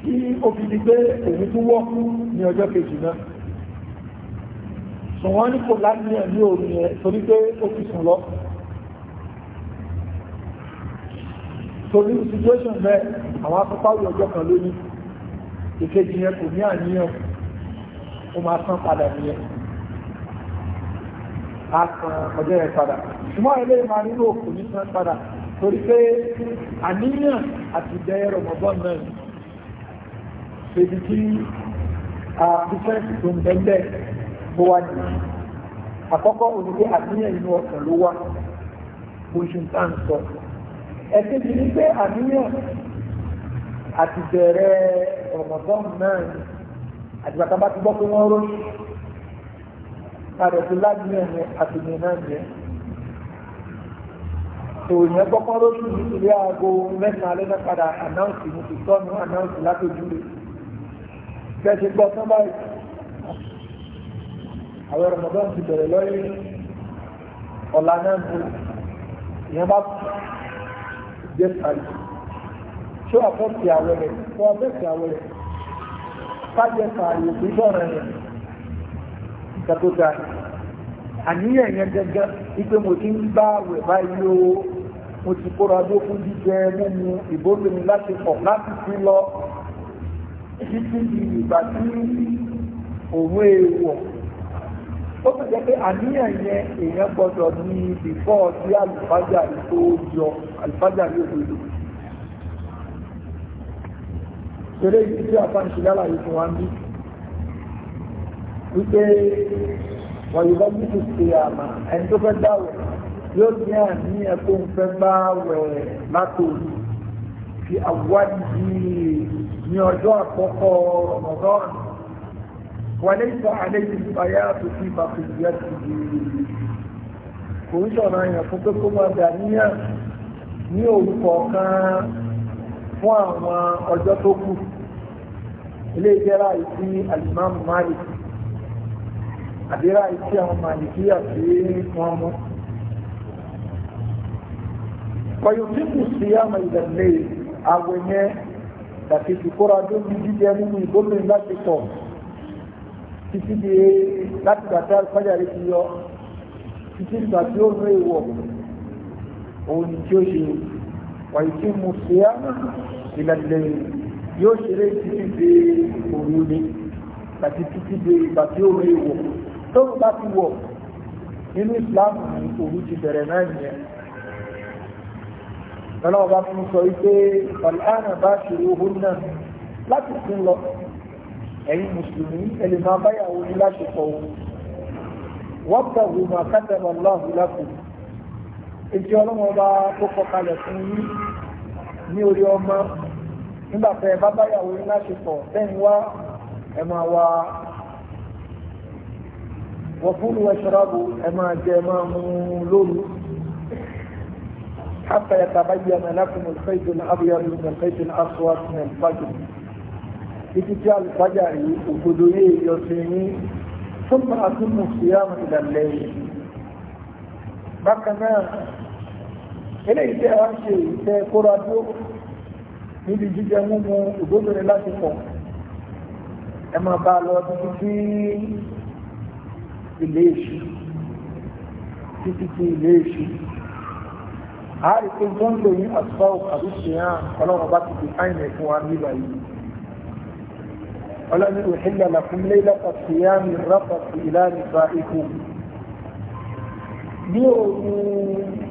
tí ó fi di pé òun tún wọ́ ní ọjọ́ kejì náà sùn wọ́n ní kò láníyàn ní òru yẹn torí pé ó ti sùn lọ torí situation bẹ́ẹ̀ àwọn akọ́kọ́ ọjọ́ kan lónìí ìkejì yẹn kò ní àníyàn ó máa san padà nìyẹn a san ọjọ́ yẹn padà ṣùgbọ́n eléyìí máa nílò kò ní san padà torí pé àníyàn àti ìdẹ́yẹ rọ̀mọ́bọ́n náà ni ṣèbí kí àbíṣẹ́ǹsì tó ń bẹ́ńbẹ́ bó wá nìyí àkọ́kọ́ olùgbé àníyàn inú ọkàn ló wá bó ṣe ń tà ń sọ ẹ̀kejì ni pé àníyàn àti bẹ̀rẹ̀ Ramadan náà àtìgbà tá a bá ti gbọ́ pé wọ́n rọ́ṣù àrẹ̀tí láti ẹ̀mí àti ní náà jẹ́ òyìn gbọ́pọ́ rọ́ṣù ní ilé aago mẹ́ta lẹ́nà padà ànáùsì ní ti tọ́nu ànáùsì látòjú rẹ̀ bẹ́ẹ̀ ṣe gbọ́ tán báyìí àwọn Ramadan ti bẹ̀rẹ̀ lọ́yìn ọ̀la náà ń bọ̀ ìyẹn bá jẹ́ sàlẹ̀ tí ó àfẹ́sì àwẹ̀ rẹ̀ tó àfẹ́sì àwẹ̀ rẹ̀ kájẹ fààyè gbígbọ́ rẹ̀ rẹ̀ ìtàkó ga àníyàn yẹn gẹ́gẹ́ wípé mo ti ń bá àwẹ̀ báyìí o mo ti kóra dó fún jíjẹ mímu ìbólúmi láti pọ̀ láti fi lọ títí di ìgbà tí òun èèwọ̀ ó sì jẹ́ pé àníyàn yẹn èèyàn gbọ́dọ̀ ní bìfọ́ sí àlùfájà yìí tó yọ àlùfájà yìí tó yọ eré ibi tí àpá ìṣe lálàyé fún wa ń bí wípé wàyíbá bíbí ṣe àmà ẹni tó fẹ́ dáwẹ̀ yóò ní àní ẹ̀kọ́ ń fẹ́ bá wẹ̀ látòrí fi àwádìí ní ọjọ́ àkọ́kọ́ Ramadan وليس عليه البياض في بقيته ní òun fún àwọn ọjọ́ tó kù ilé ìjẹ́ra ìsí alimami malik àdírà ìsí àwọn màlìkí àti wọn mú kọyọ tí kù sí àmà ìdàlẹ́ àwẹ̀ yẹn tàbí ìkóra tó ní jíjẹ nínú ìgbómìnir láti tọ̀ títí di láti gbàtà fájàre ti yọ títí ìgbà tí ó rú èèwọ̀ òun ni tí ó ṣe wàyíkí mu fìyà ìlàlẹ̀ yóò ṣeré títí dé òru ni àti títí dé ìgbà tí ó rí wọ̀ tó bá ti wọ̀ nínú ìsìláàmù ni òru ti bẹ̀rẹ̀ náà nìyẹn lọ́wọ́ bá fún sọ wípé ọ̀làánà bá ṣòro owó náà láti fún lọ ẹ̀yin mùsùlùmí ẹlẹ́mọ̀ abáyàwó ní láṣepọ̀ wọ́n gbàgbọ́ máa lọ́hùn lákòókò ètí ọlọ́wọ́ bá kó kọkalẹ̀ fún yín ní orí ọmọ nígbàfẹ́ bábáyàwó yín láṣepọ̀ lẹ́yìn wá ẹ máa wá wọ̀fúnlu ẹ̀ṣọ́rọ́bù ẹ máa jẹ ẹ máa mú lóru حتى يتبين لكم الخيط الأبيض من الخيط الأسود من الفجر ìtìjá àlùfájà yìí òkòdó yé ìyọ̀sìn ní fún àtúnmù síyàmù ìdàlẹ́yìn bákan náà eléyìí tẹ́ wá ń ṣe ìtẹ́ kóra dúró níbi jíjẹ mímu ìgbóbìnrin láti pọ̀ ẹ máa bá a lọ títí tí ilé èṣù títí tí ilé èṣù àárí pé tó ń lò ní asfaw àbí ṣìyàn ọlọ́run bá ti fi fáìnì fún wa nígbà yìí ọlọ́ni òhìlẹ̀ làkún lélẹ̀ pàṣíyàmì rápàṣí ìlànà ìfà ikú ní òun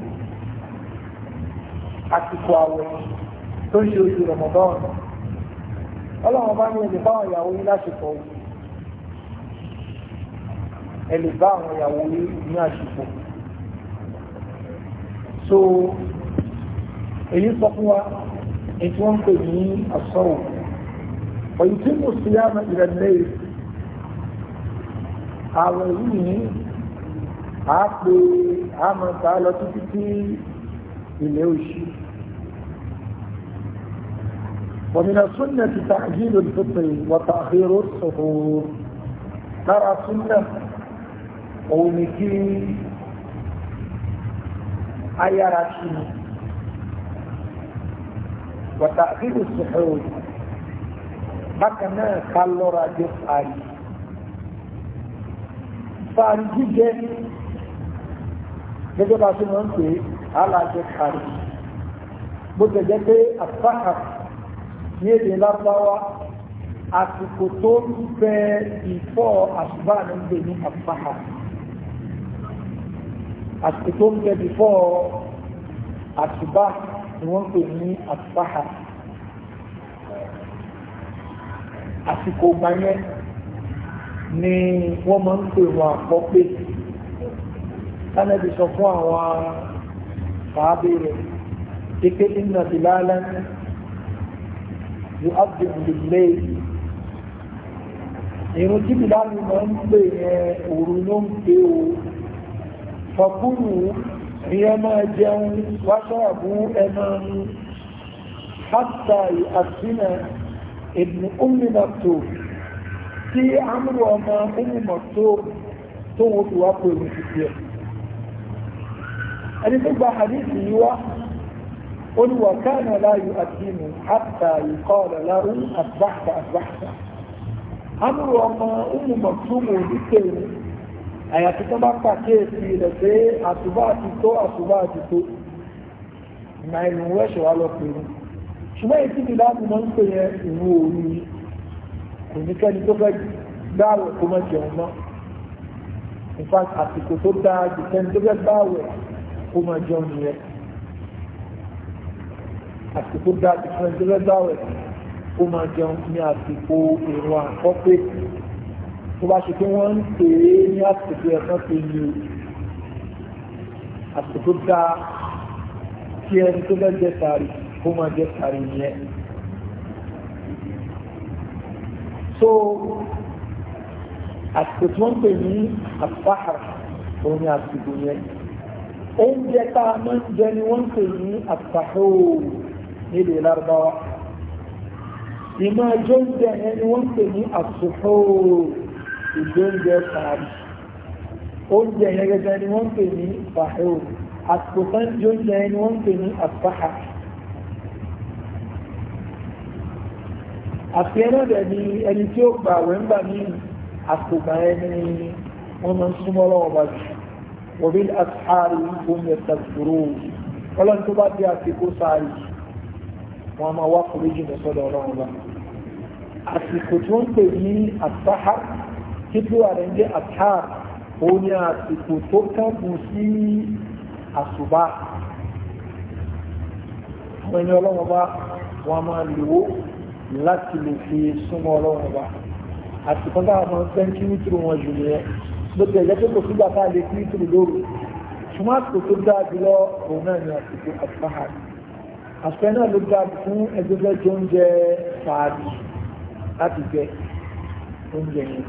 àsìkò àwẹ̀ tó ń ṣe oṣù Ramadan ọlọ́run bá ní ẹ̀lẹ́ báwọn ìyàwó yín láṣepọ̀ yìí ẹ̀lẹ́ báwọn ìyàwó yín ní àṣepọ̀ so èyí sọ fún wa ètò wọn pè ní àsọ̀rọ̀ ọ̀yìn tí mo sì yá ìrẹ̀lẹ́ àwọn ìlú yìí àá pè àmọ̀ ta lọ títí tí ilé òṣì. ومن السنة تعجيل الفطر وتأخير السحور ترى سنة قومكي أيراشي وتأخير السحور بكنا قالوا راجل آي فارجي جي gẹ́gẹ́ bá ṣe على ń pè á lájẹ́ ní èdè lápáwá àsìkò tó ń fẹ́ ìfọ́ àṣùbà ní ń gbé ní àṣùbáhà àsìkò tó ń fẹ́ ìfọ́ àṣùbà ni wọ́n pè ní àṣùbáhà àsìkò gbanyẹ ni wọ́n máa ń pè wọn àpọ́pẹ́ tánàbí sọ fún àwọn sàábé rẹ̀ kékeré nínú àbílálẹ́ يؤذن بالليل irun tí bìláàlì máa ń pè yẹn òru ló ń pè o fọkúrù ìyẹn máa jẹun wáṣọ́ọ̀bù ẹnu ọ̀run hátà àtúnà ìbùn òmìnàtò tí àmúrò ọmọ òmìnàtò tó wọ́n fi wá pè ní títí ẹ̀ ẹni tó gba àdéhùn yìí قل وكان لا يؤذن حتى يقال له أصبحت أصبحت amúrò ọmọ ọmọ mọ̀túmù oníkèrè àyàfi tó bá pàkíyèsí rẹ̀ pé àtúbà àti tó àtúbà àti tó ìgbà ìlú wẹ́ṣọ̀ wa lọ pè ní ṣùgbọ́n èyí ti láti mọ́ ń pè yẹn ìlú òru yìí kò ní kẹ́ni tó fẹ́ gbáwẹ̀ kó mọ́ jẹun mọ́ in fact àsìkò tó dáa jù kẹ́ni tó fẹ́ gbáwẹ̀ kó mọ́ jẹun nìyẹn àsìkò dá ìfún ẹjọ́ lẹ́gbàwẹ̀ ó máa jẹun ní àsìkò ìrún àkọ́pẹ́ tó bá ṣe pé wọ́n ń pè é ní àsìkò ẹ̀kan tó yí àsìkò dá kí ẹni tó bẹ́ẹ̀ jẹ ó máa jẹ sàárì yẹn. so àsìkò tí wọ́n ń pè ní àfáà òun ni àsìkò yẹn oúnjẹ tá a máa ń jẹ ni wọ́n ń pè ní àfáà òòrùn nílùú lárúbáwá ìmọ̀ ẹjọ́ ń jẹ ẹni wọ́n ń pè ní àsùnfò ìjọ ń jẹ sàárì oúnjẹ yẹn gẹ́gẹ́ ni wọ́n ń pè ní fàáhù àsùnfò ìjọ ń jẹ ẹni wọ́n ń pè ní àsùnfàá àti ẹ̀rọ rẹ̀ ni ẹni tí ó gbà wẹ́ ń gbà ní àsùnfà ẹni wọ́n máa ń súnmọ́ lọ́wọ́ bá jù wọ́n bí àsùnfàá rí oúnjẹ tàbí ọlọ́run tó bá dé àsìkò sàárì wọn a máa wá foríjì lọ sọ́dọ̀ ọlọ́run bá àsìkò tí wọ́n ń pè ní àtàhà títí wà rẹ̀ ń jẹ́ àtàhà òun ni àsìkò tó kẹ́kùn sí àsùbá àwọn ẹni ọlọ́run bá wọn a máa lò ó láti lè fi súnmọ́ ọlọ́run bá àsìkò táwọn máa ń fẹ́ kí nítorí wọn jù nìyẹn ló ti ẹ̀jẹ̀ tó kò sígbà tá a lè kí nítorí lóru àṣẹ náà ló dá fún ẹgbẹ́fẹ́ tó ń jẹ fàájì láti jẹ oúnjẹ yẹn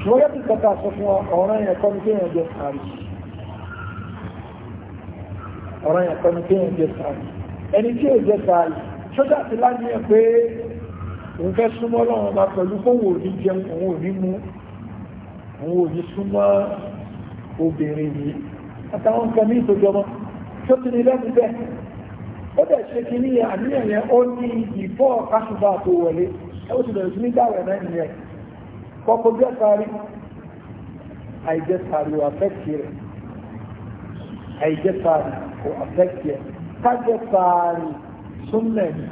ṣùgbọ́n yàtọ̀ kàtà sọ fún ọ̀ràn yẹn kọ́ ní kéèyàn jẹ fàájì ọ̀ràn yẹn kọ́ ní kéèyàn jẹ fàájì ẹni tí ò jẹ fàájì sójà ti láníyàn pé òun fẹ́ súnmọ́ lọ́wọ́ ma pẹ̀lú kóhùn òní jẹun òní mú òun òní súnmọ́ obìnrin yìí àtàwọn nǹkan ní ìtòjọmọ́ tó ti ní lẹ́nu bẹ́ẹ̀ ó dẹ̀ ṣe kí ní àníyàn yẹn ó ní ìfọ́ kásùbà tó wọlé ó ti bẹ̀rẹ̀ sí ní dáwẹ̀ náà nìyẹn kọ́kọ́ jẹ́ sáré àìjẹ́ sáré ò rẹ̀ àìjẹ́ sáré àfẹ́kì rẹ̀ kájẹ́ súnmẹ̀ ni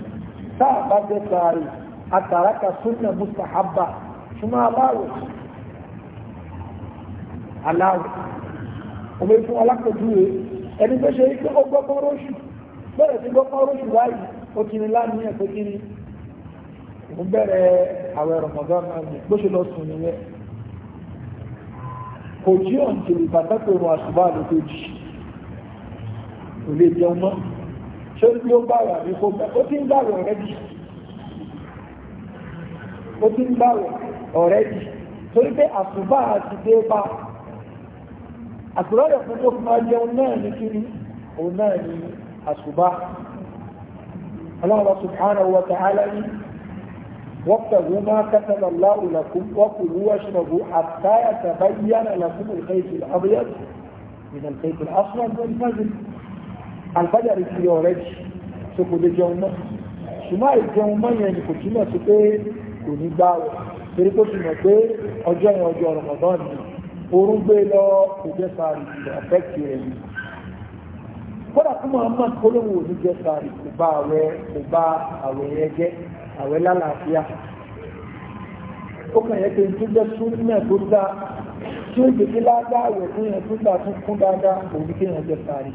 táà bá jẹ́ àtàràkà súnmẹ̀ mustahaba súnmọ́ aláwọ̀ aláwọ̀ ọmọ ìfún alákòjú ẹni ṣe bẹ́ẹ̀ tí gbọ́ pọ́rọ́ ṣù wáyìí ó kiri láàmì ẹ̀ pé kiri òun bẹ̀rẹ̀ àwẹ̀ Ramadan náà ní bó ṣe lọ sùn nìyẹn kò jí ọ̀n ti lè bàtà pé òun àṣùbà ló tó jì kò lè jẹun mọ́ ṣé bí ó bá wà ní kó bẹ́ ó ti ń gbàwẹ̀ ọ̀rẹ́dì ó ti ń gbàwẹ̀ ọ̀rẹ́dì torí pé àṣùbà àti dé bá àṣùbà rẹ̀ fún tó fi máa jẹun náà ní kiri òun náà ní àṣùbá Allah subhanahu wa ta'ala ní وابتغوا ما كتب الله لكم وكلوا واشربوا حتى يتبين لكم الخيط الابيض من الخيط الاسود من الفجر الفجر في يورج سكود الجومة ṣùgbọ́n ìjẹunmọ́ yẹn ni kò túmọ̀ sí pé kò ní gbá o torí kó túmọ̀ pé ọjọ́ yẹn Ramadan ni orúgbé lọ kò jẹ́ sáà àfẹ́kì kódà fún mọ̀ọ́mọ́ olóhùn òní jẹ́ sàárì kò bá àwẹ̀ kò bá àwẹ̀ yẹn jẹ́ àwẹ̀ lálàáfíà ó kàn yẹ pé tó jẹ́ súnmọ́ tó dá tí ó gbèsè ládá àwẹ̀ fún yẹn tó dá tún kún dáadáa òní kéèyàn jẹ́ sàárì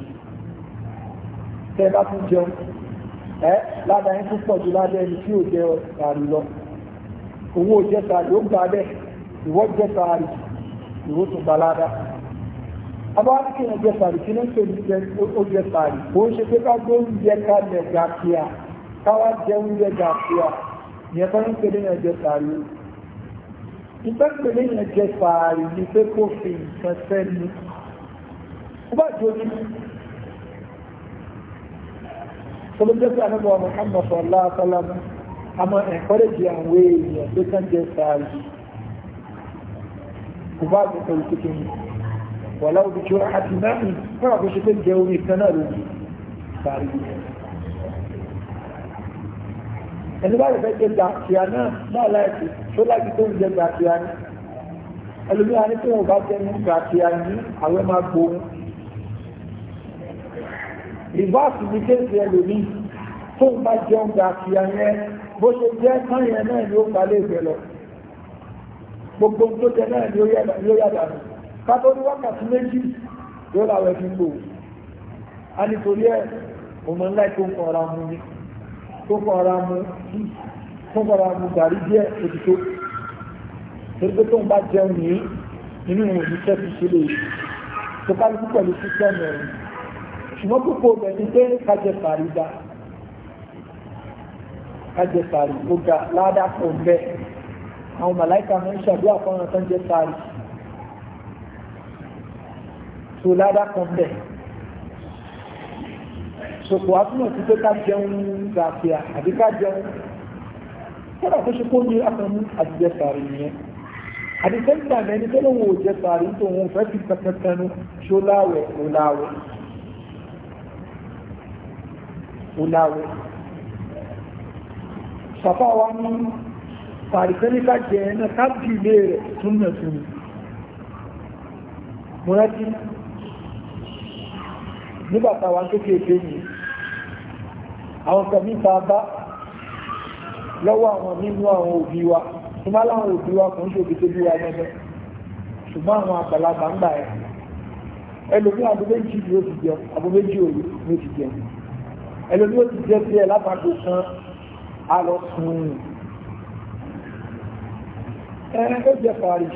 tẹ́ bá tún jẹun ẹ ládá yín tún pọ̀ ju ládá ẹni tí ò jẹ́ sàárì lọ owó jẹ́ sàárì ó gbà bẹ́ẹ̀ ìwọ jẹ́ sàárì ìwọ tún gba ládá abáwọn kí ẹ̀jẹ̀ pàrí kí lóṣù oúnjẹ pàrí bó ń ṣe pé ká gbé oúnjẹ kalẹ̀ gàfíà káwá jẹ oúnjẹ gàfíà ìyẹn bá ń pè ní ẹ̀jẹ̀ pàrí ìfẹ́ pè ní ẹ̀jẹ̀ pàrí ni pé kó fi nǹkan sẹ́nu ó bá jọ ní olóńjẹ pé àná bọ̀ Muhammad sọ̀lá sálámù àmọ́ ẹ̀kọ́rẹ́jì àwọn èèyàn pé ká jẹ pàrí wọ̀lá òbí tí ó rà àti mẹ́rin fún àkóso pé jẹ orí ìfẹ́ náà lóògì parí ẹni bá rẹ̀ fẹ́ jẹ gbàkíá náà náà láìsí tó láti tó ń jẹ gbàkíá ní ẹlòmíà ní tí wọn bá jẹ ní gbàkíá ní àwọn máa gbóhùn rìvásì ní kéèsì ẹlòmíì tó ń bá jẹun gbàkíá yẹn bó ṣe jẹ́ káyẹn náà ni ó palẹ̀ ìbẹ̀ lọ gbogbo tó jẹ náà ni ó yàdà nù kátó ní wákàtí méjì yóò láwẹ̀ fi lò A nítorí ẹ̀ ọmọ ńlá tó ń kọra mu ni tó ń kọra mu tó ń kọra mu gàrí díẹ̀ òtítọ́ torí pé tó ń bá jẹun nìyí nínú ìwọ̀n oníṣẹ́ fi ṣe lè tó kálukú pẹ̀lú sísẹ́mù ẹ̀rù ṣùgbọ́n púpọ̀ rẹ̀ ni pé kájẹ sàrí dá kájẹ sàrí ó ga ládàá pọ̀ ń bẹ́ àwọn màláìka máa ń ṣàdúrà fún tó ń jẹ sàrí tó ládá kan bẹ̀. sopọ̀ atúmọ̀ sí pé ká jẹun gàfíà àbí ká jẹun kódà tó ṣe kó ní akọni àtijọ́ sàárì nìyẹn àdìsẹ́ńtà mẹ́ni tó lóun ò jẹ sàárì tó wọn fẹ́ fi pẹpẹpẹnu ṣó láwẹ̀ ó láwẹ̀ ó láwẹ̀ sàfà wa ní pàrìsẹ́ríkà jẹ́ ẹ̀nà kábìlì rẹ̀ túnmẹ̀tún mo rántí nígbà táwa kéékèèké yìí àwọn kan níta bá lọ́wọ́ àwọn nínú àwọn òbí wa tó má láwọn òbí wa kò ń ṣe òbí wa mẹ́mẹ́ ṣùgbọ́n àwọn àgbàlagbà ń gbà ẹ̀ ẹlòmí àbò méjì ló ti jẹ àbò méjì òru ló ti jẹ ẹlòmí ó ti jẹ tiẹ̀ lápapọ̀ kan á lọ sùn ẹran ó jẹ fàárì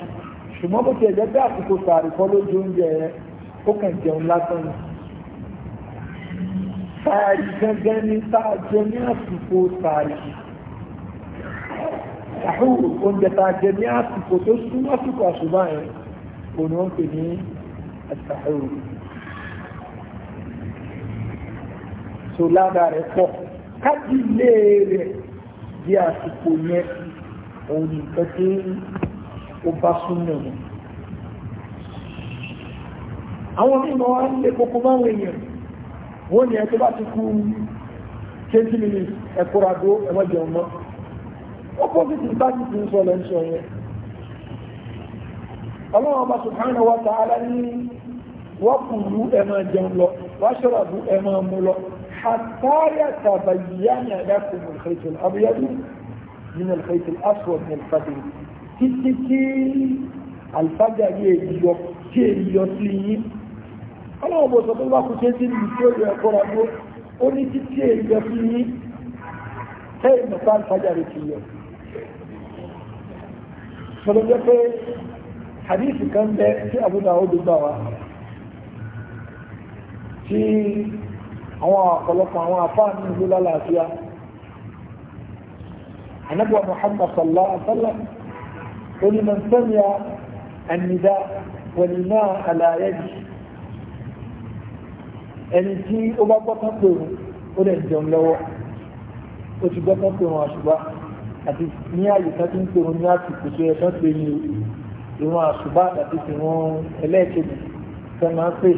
ṣùgbọ́n bó ti ẹ̀jẹ̀ bí àsìkò fàárì kọ́ lójú oúnjẹ yẹn ó kàn jẹun lásán ni sàárì gangan ní sáàjẹ ní àsìkò sàárì àhúrò oúnjẹ tààjẹ ní àsìkò tó súnmọ́ àsìkò àṣùbá yẹn òní wọ́n pè ní àṣàhúrò so lára rẹ̀ pọ̀ kájí ilé rẹ̀ di àsìkò yẹn òun nìkan tí ó bá súnmọ́ wọn àwọn mímọ́ wá ń lé kókó máwọn èèyàn wọ́n ní ẹjọ́ bá ti kú 20 minutes ẹ̀kọ́radó ẹ̀mọ́jẹ ọmọ opposite ìbájú ti ń sọ lẹ́ ń sọ yẹn ọlọ́run ọba subhanahu wa ta'ala ní wọ́n kù lú ẹ̀mọ́ jẹun lọ wọ́n ṣọ́ràbù ẹ̀mọ́ mú lọ àtàyà tàbàyíyáni àdákùn mọ̀lẹ́kẹ̀tẹ̀ abúyájú ní mọ̀lẹ́kẹ̀tẹ̀ aswọ̀ mọ̀lẹ́kẹ̀tẹ̀ títí tí alifájà yìí yọ sí èyí yọ sí yín ọlọ́wọ́ bọ̀ sọ pé wá kú tẹ́sí ní tí ó yẹ ẹ̀kọ́ ra tó ó ní títí èyẹ fún yí tẹ́yìn mọ̀tá ń tajà rẹ̀ ti yẹ sọ̀rọ̀ jẹ́ pé hadith kan bẹ tí abúlé àwọn gbà wá tí àwọn ọ̀pọ̀lọpọ̀ àwọn afáà ní ìlú lálàáfíà النبي محمد صلى الله عليه وسلم قل من سمع النداء والماء لا يجد ẹni tí ó bá gbọ́tán pé òun ó dẹ̀ jẹun lọ́wọ́ ó ti gbọ́tán pé òun àṣùbá àti ní àyè tán ti ń pè òun ní àsìkò tó yẹ tán pé ní ìwọn àṣùbá àti ìwọn ẹlẹ́ẹ̀kejì tẹ́ máa ń pè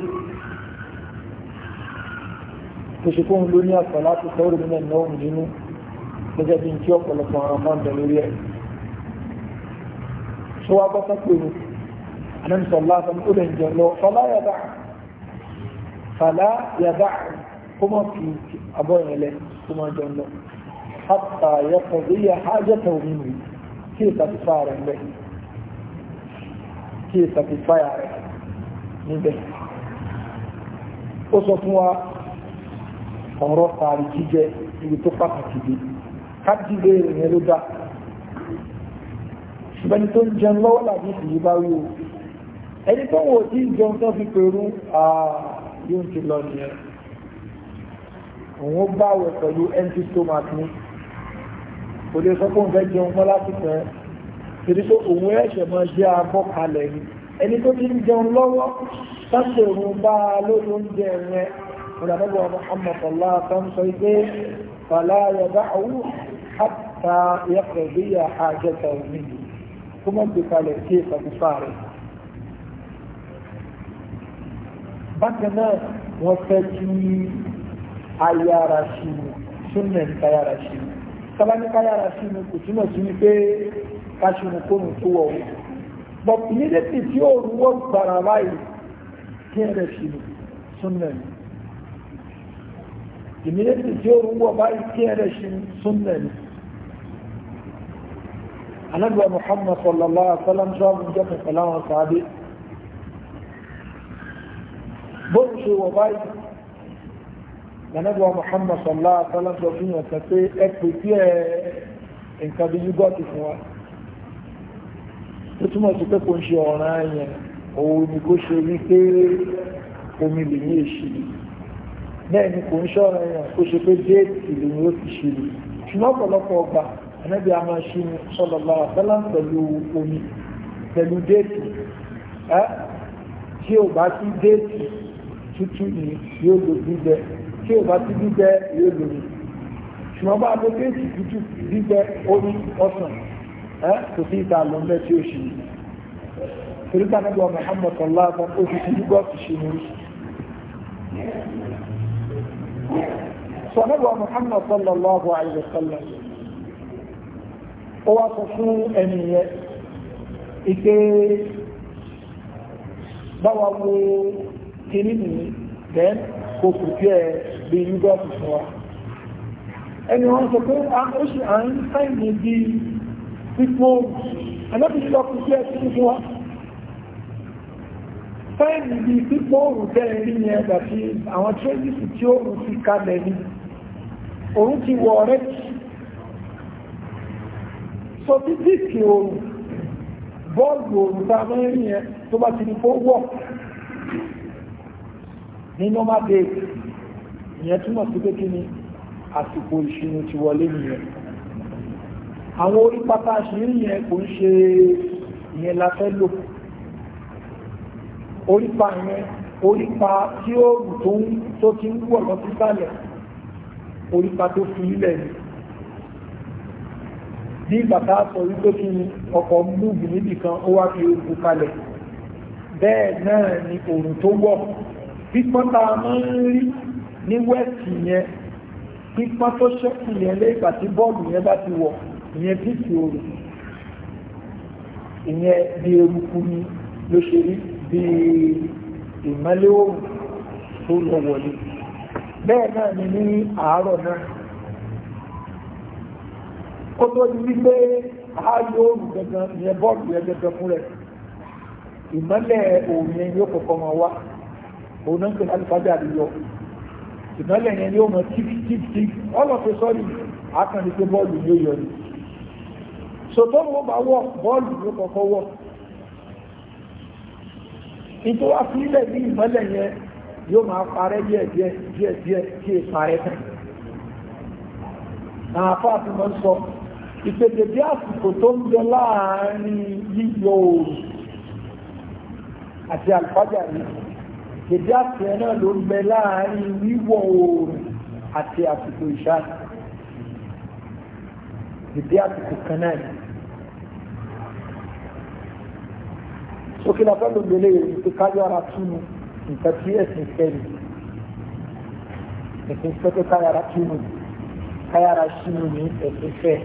tó ṣe kóhun ló ní àpọ̀ láti sọ́rọ̀ nínú ẹ̀nà òun nínú gẹ́gẹ́ bí tí ọ̀pọ̀lọpọ̀ àwọn máa ń bẹ̀ lórí ẹ̀. ṣé wàá gbọ́tán pé òun àná fàlá yàgbà kó mọ̀ fi abọ́ yẹn lẹ kó mọ̀ jọ lọ hàtà yàtọ̀ ìyá hájẹ́tà omi rè kí ìsàtìfà rẹ̀ mbẹ́ kí ìsàtìfà rẹ̀ níbẹ̀ ó sọ fún wa ọ̀rọ̀ fàárì jíjẹ ibi tó pàtàkì dé káàdì béèrè yẹn ló dá ṣùgbọ́n tó ń jẹun lọ́wọ́ làbí ìyí o ẹni tó wò tí ń tó fi pèrú àà yóò ti lọ nìyẹn òun bá wẹ̀ pẹ̀lú empty stomach ní kò lè sọ pé òun fẹ́ jẹun mọ́ lásìkò ẹ̀ torí pé òun ẹ̀ṣẹ̀ máa jẹ́ abọ́ kalẹ̀ ni ẹni tó ti ń jẹun lọ́wọ́ sáṣẹ̀ òun bá a lórí oúnjẹ rẹ̀ ọ̀làdọ́gbọ̀ Muhammad ọ̀lá àtàn sọ pé fàlà yàgbá òun àtà yẹpẹ̀ bí yà àjẹta òun nìyí kó mọ̀ gbé kalẹ̀ sí ìfàkùfà rẹ̀. bákan náà wọ́n fẹ́ kí ayára sí i súnmẹ̀ ní káyára sí i sábà ní káyára sí i kò túmọ̀ sí wípé káṣínu kóòrùn tó wọ̀ wọ́n bọ̀ ìyẹ́dẹ́sì tí ó rúwọ́ gbàrà báyìí kí ẹ̀rẹ̀ sí i súnmẹ̀ ní ìmírẹ́sì tí ó rúwọ́ báyìí kí ẹ̀rẹ̀ sí i súnmẹ̀ ní alágbà Muhammad sallallahu alaihi wa sallam sọ́ọ́bù pẹ̀lú àwọn sàádé bóun ṣe wọ̀ báyìí lànàbọ̀ Muhammad sallallahu alaihi wasallam sọ fún yàn kan pé ẹ pè sí ẹ nǹkan bí yúgọ́ọ̀tì fún wa tó túmọ̀ sí pé kò ń ṣe ọ̀ràn yẹn òun ni kò ṣe rí pé omi lè ní èṣì bẹ́ẹ̀ ni kò ń ṣọ̀ràn yẹn kò ṣe pé déètì lè ní ó ti ṣe ṣùgbọ́n ọ̀pọ̀lọpọ̀ ọgbà ànábì a máa ṣe ní sallallahu alaihi pẹ̀lú omi pẹ̀lú déètì tí ò bá sí déètì tútù yìí yóò lo gbígbẹ tí ò bá ti gbígbẹ yóò lo mi ṣùgbọ́n bá mo dé sí tútù gbígbẹ omi ọsàn ẹ kò sí ìta àlọ́ ńlẹ̀ tí ó ṣe yìí torí ká nígbà Muhammad sallá kan ó fi ti ṣe ní sọ̀nàbà Muhammad sallallahu alayhi wa sallam ó wá sọ fún ẹni yẹn ike báwa wo kìíní nìyí then kò prepare the yoga fún wa ẹni wọ́n sọ pé a ah, ó ṣe à ń sáìnì bí pípò anábìsí lọ prepare sí fún wa sáìnì bí pípò òrùn tẹ́lẹ̀ rí yẹn dàbí àwọn tírẹ́lìsì tí ó rùn sí kalẹ̀ ni òun ti wọ ọ̀rẹ́ jì sọ bí díìkì òrùn bọ́ọ̀lù òrùn tá a máa rí yẹn tó bá ti ní kó wọ̀ ní normal day ìyẹn túmọ̀ sí pé kí ni àsìkò ìṣirò ti wọlé nìyẹn àwọn orí pátá àṣírí yẹn kò ń ṣe ìyẹn la fẹ́ lò orí pa yẹn orí tí ó tó ń tó ti ń wọ̀ lọ sísàlẹ̀ orí tó fi ilẹ̀ ni bí bàbá sọ wípé kí ni ọkọ̀ múùbù níbì ó wá fi ogun kalẹ̀ bẹ́ẹ̀ náà ni òòrùn tó wọ̀ pípọ́n tá a máa ń rí ní wẹ́ẹ̀tì yẹn pípọ́n tó ṣẹ́kù yẹn lẹ́gbà tí bọ́ọ̀lù yẹn bá ti wọ̀ ìyẹn bíìsì òòlù ìyẹn bí eruku ni ló ṣe rí bí ìmọ́lẹ̀ òòrùn tó lọ wọlé bẹ́ẹ̀ náà ni ní àárọ̀ náà kó tó di wípé ààyè òòrùn gangan ìyẹn bọ́ọ̀lù yẹn gangan fún rẹ̀ ìmọ́lẹ̀ òòrùn yẹn yóò kọ̀kọ́ máa wá. O náà ń pè lálùfáàjà àdìyọ ìmọ̀lẹ̀ yẹn yóò mọ típ típ típ ọlọ́pẹ́ sọ́ọ̀lì akànnì pé bọ́ọ̀lù yóò yọ ni sọ̀tọ́ ló bá wọ̀ bọ́ọ̀lù wọ bọọlụ wọ̀ nítorí wọ. fílẹ̀ ní ìmọ̀lẹ̀ yẹn yóò máa na díẹ̀ díẹ̀ díẹ̀ díẹ̀ kí è parẹ́ tán àáfà tí sọ ìpèsè bí dèdè àti ẹ̀ náà ló ń bẹ láàárín wíwọ̀ oòrùn àti àsìkò ìṣá dèdè àsìkò kan náà ni. sókè la fẹ́ ló gbélé rẹ̀ pé kájọ ara túnu nǹkan tí ẹ̀sìn fẹ́ ni ẹ̀sìn fẹ́ pé káyà ara túnu káyà ara ṣínú ni ẹ̀sìn fẹ́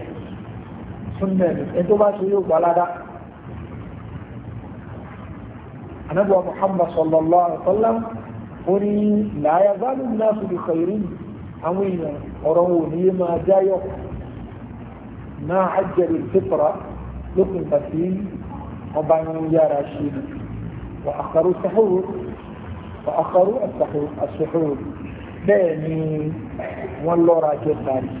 súnmọ́ ẹ̀mí ẹni tó bá ṣe yóò gbà anabuwa muhammad sallallahu alaihi wa sallam ó ní làáyà zálù náà fi kàìrí àwọn èèyàn ọ̀rọ̀ wò ní yé máa jáyọ̀ náà àjẹrè fitra lókun tàbí ọba yẹn yára ṣe wà àkàrò sahur wà àkàrò àsahur bẹ́ẹ̀ ni wọ́n lọ́ra jẹ́ sáré.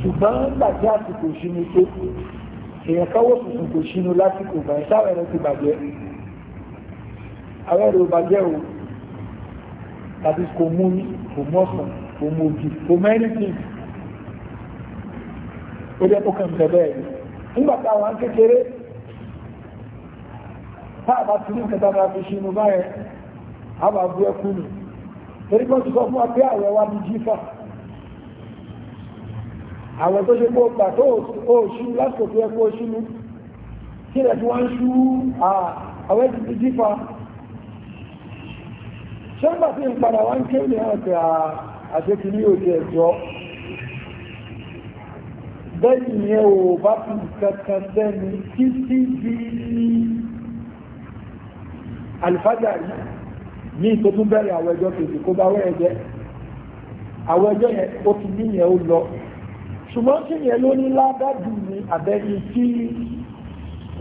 ṣùgbọ́n gbàgbé àsìkò ṣí ni pé èèyàn káwọ́ tuntun kò ṣínú lásìkò ìgbà ìsáwọ̀ ẹ̀rọ ti bàjẹ́ àwọn ẹ̀rọ bàjẹ́ o tàbí kò mú mi kò mú ọ̀sán kò mú òjì kò mú ẹ́nìtì ó jẹ́ tó kàn tẹ̀ nígbà táwọn kékeré táà ti ní kẹta bá fi ṣínú báyẹn a bá nù torí ti sọ fún wa pé àwẹ̀ wa ni jífà àwọn tó ṣe kó gbà tó òṣù lásìkò tó ẹkọ òṣù mú kí rẹ̀ tí wọ́n ń ṣú àwọn ẹ̀dì ti jífa ṣé ń bà tí ń padà wá ń ké ní ọ̀tẹ̀ àṣekì ní òkè ẹ̀jọ́ bẹ́ẹ̀ yẹn ò bá fi kankan dẹ́nu títí bí àlùfájà yìí ní ìtòtún bẹ̀rẹ̀ àwọn ẹjọ́ kejì kó bá wẹ́ ẹ̀jẹ̀ àwọn ẹjọ́ yẹn ó ti níyẹn ó lọ ṣùgbọ́n tí yẹn ló ní ládájú ní àbẹ́ni tí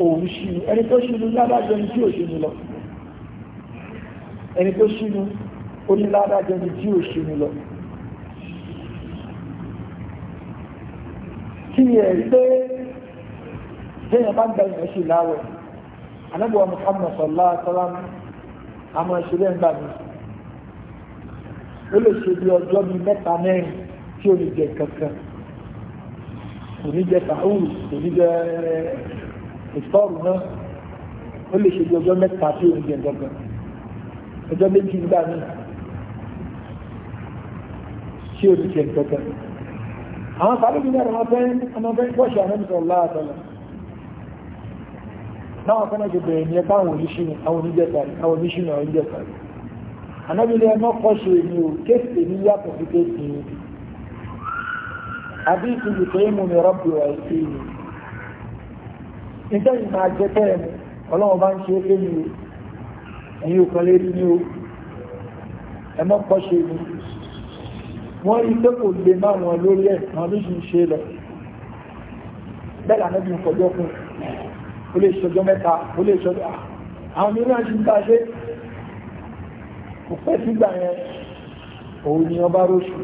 òun ṣínú ẹni tó ṣínú ládájú ẹni tí ò ṣínú lọ ẹni tó ṣínú ó ní ládájú ẹni tí ò ṣínú lọ kí yẹn rí pé téèyàn bá gba ìyẹn sí láwẹ̀ anábìwọ̀n Muhammad sallallahu alaihi wasallam àmọ́ ìṣẹ̀lẹ̀ ń gbà mí ó lè ṣe bí ọjọ́ bíi mẹ́ta mẹ́rin tí kankan kò ní jẹ sàúrù kò ní jẹ eh, ìtọ́rù náà ó lè ṣe bí ọjọ́ mẹ́ta tí ó ń jẹ gbọ́gbọ́n ọjọ́ méjì ń gbà mí tí ó ti jẹ gbọ́gbọ́n àwọn sàbẹ̀bí náà wọ́n fẹ́ ọmọ fẹ́ bọ́ọ̀ṣì àwọn ẹ̀mí sọ̀rọ̀ láàtọ̀lọ̀ náà fẹ́ náà ti bẹ̀rẹ̀ ní ẹ̀ka àwọn oníṣìnà àwọn oníjẹ̀sàrí àwọn oníṣìnà oníjẹ̀sàrí anábìlẹ̀ ẹ̀mọ́ kọ́ ṣe èmi ò kéèsì èmi yàtọ̀ sí kéèsì èmi àbí ìtìlùkọ́ ìmú ni rọ́bì wà ìfẹ́ ìlú nígbà yìí máa jẹ́ tẹ́ ẹ̀mú ọlọ́run bá ń ṣe é ní ẹ̀yìn òkan lé ní o ẹ̀mọ́ pọ̀ ṣe ni wọ́n rí pé kò lè má wọn lórí ẹ̀ wọn ló ń ṣe lọ bẹ́ẹ̀ lànà bí kọjọ́ fún ó lè ṣọjọ́ mẹ́ta ó lè ṣọjọ́ àwọn mìíràn ṣe ń bá ṣe kò pẹ́ sígbà yẹn òun ni ọba róṣù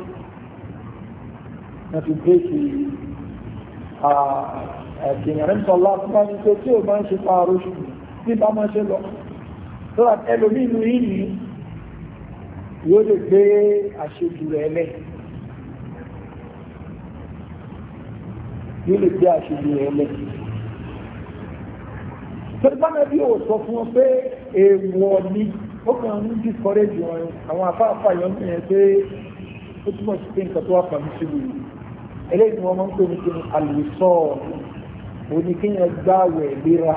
wọ́n fi bírèkì ẹ̀kìnyàn rẹ̀ sọ láti máa ní tí o máa ń ṣe pa àrò ṣù bí bá máa ṣe lọ tó rà ẹlòmíì nù yìí nìyí yóò lè gbé àṣejù rẹ̀ lẹ̀ yóò lè gbé àṣejù rẹ̀ lẹ̀ tẹ́lifáàmẹ́ bí o sọ fún ọ pé èèwọ̀ ni ó kàn ń discourage wọn àwọn afáàfáà yọ̀ ń bẹ̀rẹ̀ pé ó túmọ̀ sí pé nǹkan tó wà pàmí síbi yìí eléyìí ni wọ́n máa ń pè ní kí ni àlùsọ òní kí yẹn gbá àwẹ̀ léra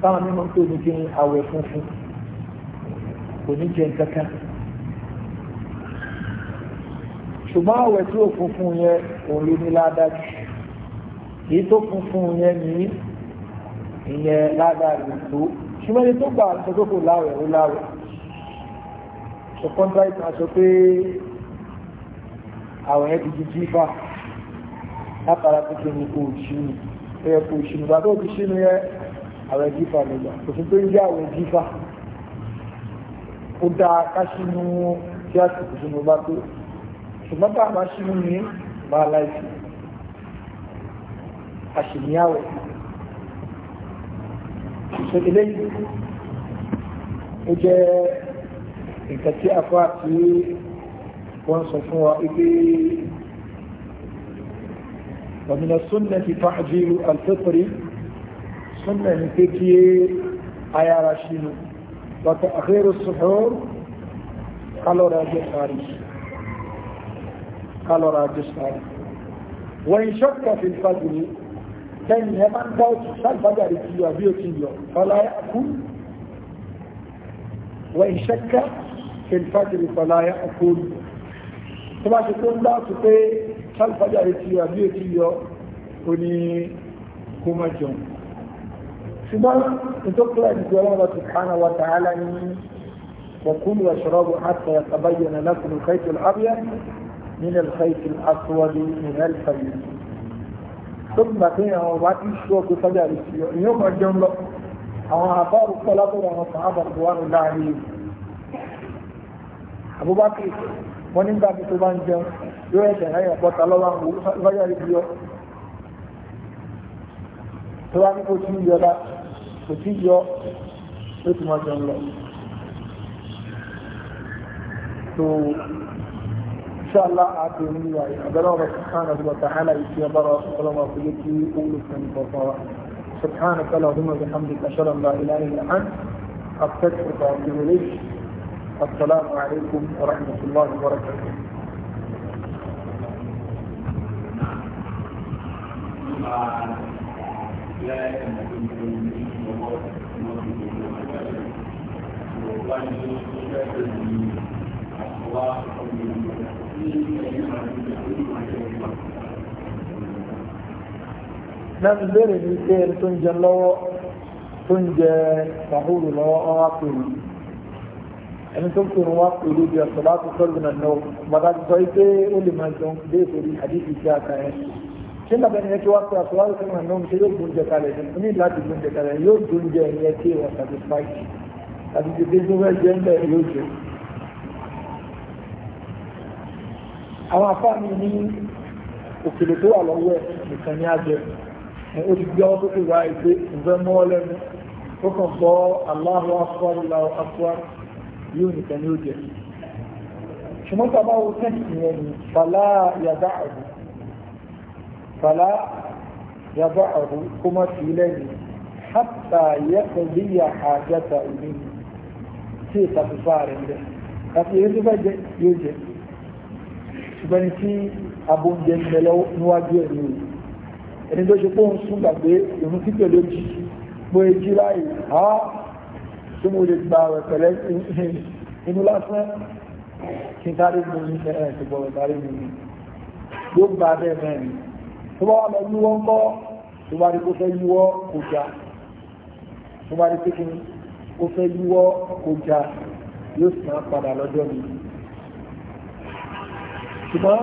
táwọn mímọ́ ń pè ní kí ni àwẹ̀ funfun òní jẹ kankan ṣùgbọ́n àwẹ̀ tí ó funfun yẹn òun ló ní ládájú èyí tó funfun yẹn ní ìyẹn ládájú tó ṣùgbọ́n ẹni tó gbà àtọ́kọ́kọ́ láwẹ̀ ó láwẹ̀ ṣùgbọ́n dáìtà sọ pé àwọn ẹ̀ ti di jífà látara tó kí ni kò ṣínú ẹ̀yẹ kò ṣínú bá tó ti ṣínú yẹ àwọn jífà lọ́gbà kò sí tó ń jẹ́ àwọn jífà ó dáa ká ṣínú a àsìkò ṣínú bá tó ṣùgbọ́n bá máa ṣínú ní bá láìsí àṣìníyàwó ṣe eléyìí ó jẹ́ nǹkan tí a fọ́ àti وانص ومن السنة تعجيل الفطر سنة نتكي آيا راشين وتأخير السحور قالوا راجي خارج قالوا راجي خارج وإن شك في الفجر كان يمن باوت سال فجر كيو فلا يأكل وإن شك في الفجر فلا يأكل tó bá ṣe tó ń dáàtù pé sálùfájà rẹ̀ ti àbí ètí yọ ó ní kó má jẹun ṣùgbọ́n ìtọ́kùnrin ìjọ ọlọ́run ti kánà wa ta'ala ní وكلوا واشربوا حتى يتبين لكم الخيط الابيض من الخيط الاسود من الفجر ثم فيها وبعد الشوك فجر يوم الجملة àwọn àbáwò pọ̀lọ́pọ̀ àwọn sàábà tó wà nílá àríyìn abubakar wọ́n nígbà tí tó bá ń jẹun yóò ẹ̀ṣẹ̀ náà yẹn pọ́ta lọ́wọ́ àwọn olùfàyà ibi yọ tó wá ní kò tí yọ dá kò tí yọ ó ti máa jẹun lọ. tó ṣàlá àti oníwà àbẹ̀rẹ̀ ọ̀rọ̀ sùkánà tó bàtà hàlà ìfi ọbára ọlọ́mọ àfẹ́lẹ́ tí ó wúlò fún ẹni kọ̀ọ̀kan wa سبحانك اللهم وبحمدك اشهد ان لا اله الا انت استغفرك واتوب اليك السلام عليكم ورحمة الله وبركاته نعم ذلك يقول تنجى الله تنجى تحول الله أعطيه ẹni tó ń pè wá pẹ̀lú bí ọ̀sọ̀ láti sọ́ọ̀lù náà náà bàtà ti sọ pé ó lè máa jẹun dé ìfòrí àdéhùn ìṣe àkà yẹn ṣé lábẹ́ ni ẹ ti wá pé ọ̀sọ̀ láti sọ́ọ̀lù náà ṣe yóò gbóúnjẹ kalẹ̀ ní ní láti gbóúnjẹ kalẹ̀ yóò gbóúnjẹ ẹ̀yẹ tí wọ́n satisfy àti tètè tó fẹ́ jẹ́ ńlẹ̀ yóò jẹ. àwọn afáàmì ní òkèlè tó wà lọ́wọ́ ẹ̀ nìkan ní àjẹ ó ti yóò nìkan ni ó jẹ ṣùgbọ́n tàbá wo tẹ́sì yẹn ni fàlá yàdá àrùn fàlá yàdá àrùn kó má fi lẹ́yìn hàtà yẹ́kọ̀ líyà àjẹta òní tí ìtàkùfà rẹ̀ ń bẹ̀ àti èyí tó fẹ́ jẹ yóò jẹ ṣùgbọ́n ní tí abóúnjẹ ń bẹ níwájú ẹ̀ ní òní ẹni tó ṣe pé òun sún gbàgbé ìrún títẹ̀ lójì bóyá jí láì á tí mo lè gba ọ̀rọ̀ pẹ̀lẹ́ inú lásán kí n sáré mú ní ẹ̀ ti gbọ́rọ̀ sáré mú ní yóò gba abẹ́ mẹ́rin tó bá wà lọ yíwọ́ ń kọ́ tó bá rí kó fẹ́ yíwọ́ kò já tó bá rí kékin kó fẹ́ yíwọ́ kò já yóò sì máa padà lọ́jọ́ mi ṣùgbọ́n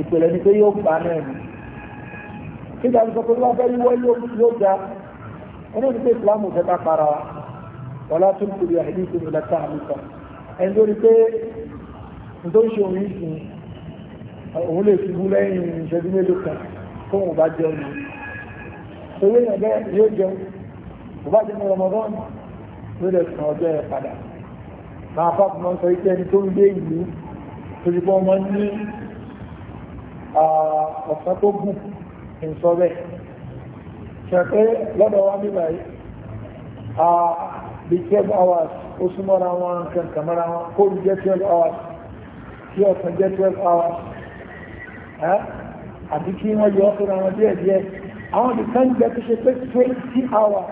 ìpìlẹ̀ ni pé yóò gba náà kí n sáré sọ pé tó bá fẹ́ yíwọ́ yóò já ẹni ní pé ìsìlámù fẹ́ bá para wa wàlá tó ń kúrò àìdí tó ń lọ tá àlùkà ẹni tó rí pé n tó ń ṣe òun ìsìn òun lè fi bú lẹ́yìn ìṣẹ́jú mélòó kan tó wọn bá jẹun ní owó yẹn bẹ́ẹ̀ yóò jẹun kò bá jẹun Ramadan ló lè sàn ọjọ́ ẹ̀ padà máa fà fún ọsọ iṣẹ́ ẹni tó ń gbé ìlú tó ti pọ́ ọmọ ní ọ̀sán tó gùn ìsọ bẹ́ẹ̀ ṣẹ̀pẹ́ lọ́dọ̀ wa nígbà yìí bí twelve hours ó súnmọ́ra wọn nǹkan kàmọ́ra wọn kóòlù jẹ́ twelve hours kí ọ̀sán jẹ́ twelve hours àti kí wọ́n yọ ọ́sọ́ra wọn díẹ̀ díẹ̀ àwọn nìkan jẹ tó ṣe pé twenty hours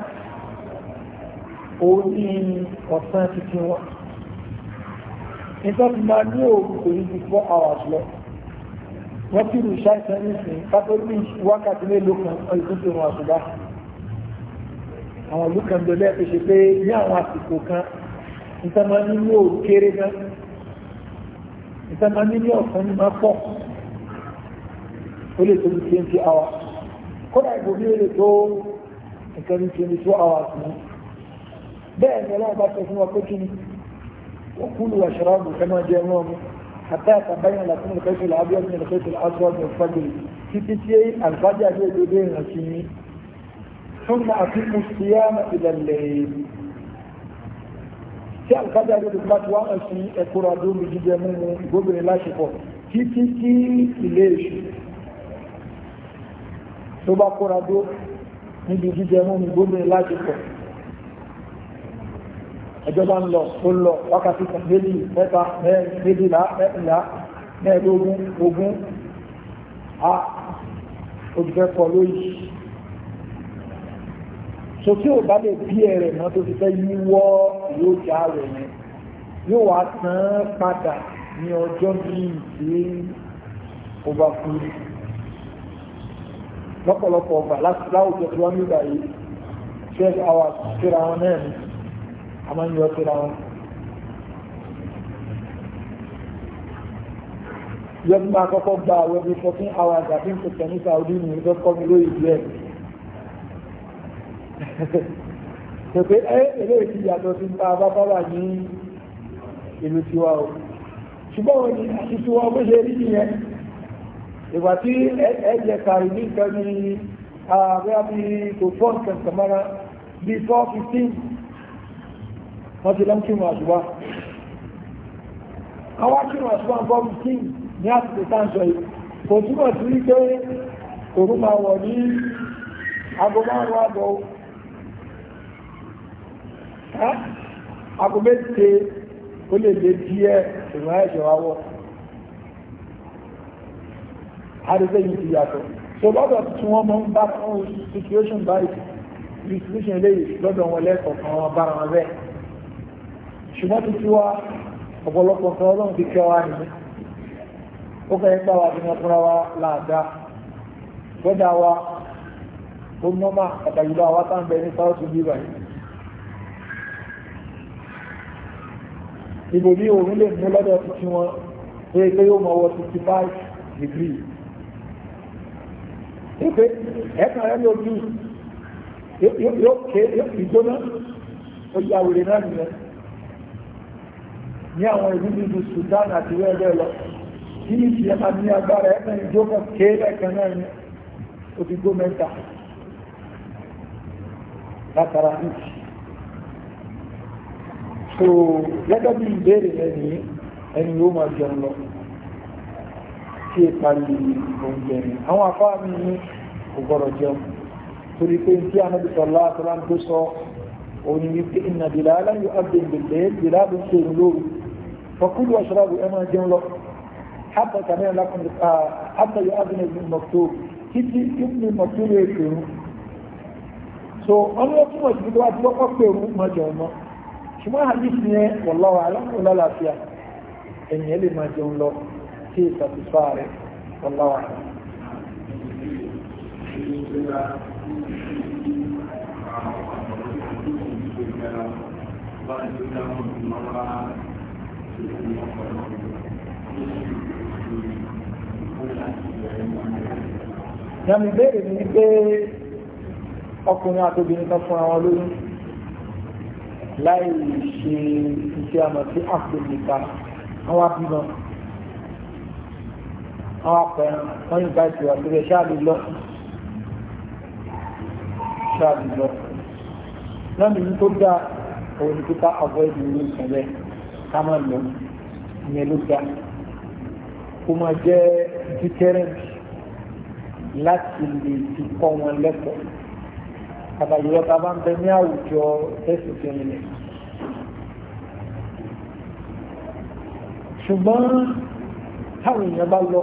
ó ní ọ̀sán títí wọn nítorí máa ní òògùn kò ní ju four hours lọ wọ́n kí ìrù ṣáìsàn nísìnyí kátólíì wákàtí mélòó kan ọ̀yìn tó ti rún àṣùbá àwọn ìlú kan dọ̀lẹ́ tó ṣe pé ní àwọn àsìkò kan níta máa ní ní òru kéré náà níta máa ní ní ọ̀sán ní máa pọ̀ ó lè tó ní twenty hours kódà ìbò ní ó lè tó nǹkan ní twenty two hours ní bẹ́ẹ̀ ni ọlọ́run bá fún wa pé kí ni wọ́n kú lu àṣàràbù ẹ máa jẹun náà mú àti àtàbáyà làkúnú lọ́kẹ́sọ̀lá abíọ́dún lọ́kẹ́sọ̀lá aṣọ́ọ̀dún ọ̀fọ́dún títí tí àlùfáàjà yóò dédé ìrántí yín ثم أتم الصيام إلى الليل tí àlùfáàjà lórí bá ti wá hàn sí ẹ̀kúrọ̀ àdó omi jíjẹ mímu ìgbóbìnrin láṣepọ̀ títí tí ilé èṣù tó bá kóra dó níbi jíjẹ mímu ìgbóbìnrin láṣepọ̀ ẹjọba ń lọ ó lọ wákàtí kan méjì mẹ́ta méjìlá mẹ́tìlá mẹ́ẹ̀ẹ́dógún ogún a òbí fẹ́ kọ lóyìí so tí ò bá lè bí ẹ̀rẹ̀ mọ́ tó ti fẹ́ yíwọ́ yóò já rẹ̀ yẹn yóò wá tán padà ní ọjọ́ bíi tí ó bá kú lọ́pọ̀lọpọ̀ ọgbà láwùjọ tí wọ́n ní ìgbà yìí twelve hours síra wọn náà ni a máa ń yọ síra wọn. yọ́n máa kọ́kọ́ gba àwọn ẹbí fourteen hours àti nǹkan tẹ̀ ní Saudi ní ìjọ́kọ́ mi lóye díẹ̀ pẹ̀pẹ́ ẹlẹ́rìí ti yàtọ̀ sí ta bábáwà ní ìlú tiwa o ṣùgbọ́n wọn ni àṣìṣe wọn bó ṣe rí nìyẹn ìgbà tí ẹ̀jẹ̀ kàrí ní nǹkan ní ààrẹ àbí kò fọ́ nǹkan bí four fifteen wọ́n ti lọ́n kírun àṣùwà àwọn akírun àṣùwà four fifteen ní àsìkò táǹsọ̀ yìí kò túmọ̀ sí wípé òun máa wọ̀ ní aago márùn aago méje o lè lé díẹ̀ ṣùgbọ́n ẹ̀ṣẹ̀ wa wọ̀ àdéhùn yìí ti yàtọ̀ so lọ́dọ̀ tí wọ́n mọ́ ń bá fún situation báyìí situation eléyìí lọ́dọ̀ wọn lẹ́kọ̀ọ̀kan wọn bára wọn bẹ́ẹ̀ ṣùgbọ́n ti tiwa ọ̀pọ̀lọpọ̀ kan ọlọ́run ti kẹ́ wa nìyí ó fẹ́ gbá wa nínú ọkùnrin wa láàdáa gbọ́dá wa ó nọ́mà àtàjùlọ àwọn tá ń bẹ ní south bíbá yìí ibò bí òun lè mú lọ́dọ̀ tí wọ́n pé pé yóò mọ̀ wọ 65 degree ìpè ẹ̀ka rẹ̀ ló bí yóò ké ìgbóná ó yà wèrè náà nìyẹn ní àwọn ìlú bíbí Sudan àti wẹ́ẹ̀bẹ́ẹ̀ lọ kí ní ti ẹ̀ka ní agbára ẹ̀ka ìjókòó ké lẹ́ẹ̀kan náà ni o ti gbó mẹ́ta látara ìjì so gẹ́gẹ́ bí ìbéèrè ẹni ẹni yóò máa jẹun lọ tí ẹ parí oúnjẹ ni àwọn afá mi ní kò gbọ́dọ̀ jẹun torí pé tí a nàbì sọ̀lá àtàlà tó sọ òní wípé ìnà bìlà aláyọ̀ abdè bèlè bìlà ló ṣe òun lóru fọkúlù ọ̀ṣọ́rọ̀bù ẹ máa jẹun lọ hàtà kàmẹ́ lákùnrin hàtà yóò abdè mọ̀tò títí ìpínlẹ̀ mọ̀tò rẹ̀ pèrú so ọlọ́túnmọ̀ sí pé wá ti kọ́kọ́ pèrú mọ̀ jẹun ṣùgbọ́n hadith yẹn wọ̀lọ́wọ́ aláàlọ́láàfíà ènìyàn lè máa jẹun lọ sí ìsàtúfà rẹ̀ wọ̀lọ́wọ́ Yàmì bẹ́ẹ̀rẹ̀ ní pé ọkùnrin àtòbìnrin kan fún àwọn olóyún láì ṣe iṣẹ́ àmọ́ sí àfẹ́lẹ́ta àwọn abímọ àwọn apẹ̀rẹ̀ wọ́n yìí bá ìṣòro àgbẹ̀rẹ̀ ṣáàlì lọ ṣáàlì lọ lọ́nà yìí tó dáa òun ni pípa avoid ìlú ìṣẹ̀lẹ̀ ká máa lọ ìyẹn ló dáa kó máa jẹ́ deterrent láti lè fi kọ́ wọn lẹ́kọ̀ọ́ pàtàkì lọ ta bá ń bẹ ní àwùjọ tẹ́sì tí ń lẹ̀ ṣùgbọ́n táwọn èèyàn bá lọ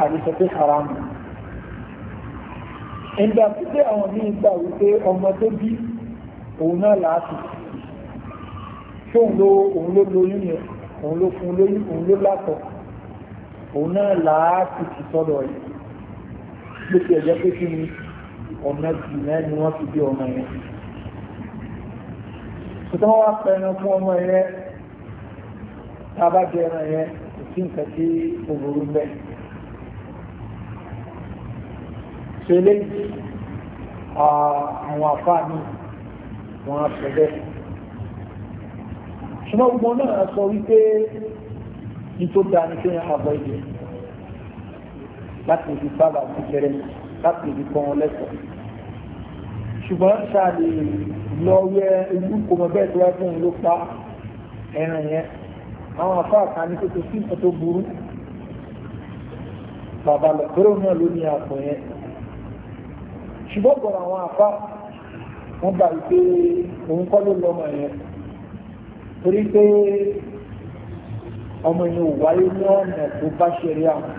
àrísọ pé haramu ẹgbẹ́ àtúntẹ́ àwọn míì gbà wípé ọmọ tó bí òun náà láti ṣóun ló òun ló lóyún yẹn òun ló fún ni ọ̀nà jìnnà ni wọ́n fi bí ọmọ yẹn ṣùgbọ́n wọ́n pẹ̀rẹ̀ fún ọmọ yẹn tá a bá jẹ ẹran yẹn kò sí nǹkan tí kò burú bẹ́ẹ̀. ṣẹlẹ̀ àwọn àfáàní wọn á sọ bẹ́ẹ̀. ṣùgbọ́n gbogbo náà sọ wípé nítorí dáa ni kéèyàn àbọ̀ ìdè láti ibi sábà ti kéré láti ibi kan lẹ́sọ̀ọ́ ṣùgbọ́n ṣáàlì lọ wẹ ìlú kò mọ̀ bẹ́ẹ̀ tó wá fún un ló pa ẹran yẹn àwọn afáà kan ní kókó sí nǹkan tó burú bàbá lọ́kọ́rọ́ náà ló ní àpò yẹn ṣùgbọ́n gbọ́dọ̀ àwọn afáà wọ́n gbà wípé òun kọ́ ló lọ́mọ yẹn torí pé ọmọ yẹn ò wáyé ní ọ̀nà tó bá ṣeré àwọn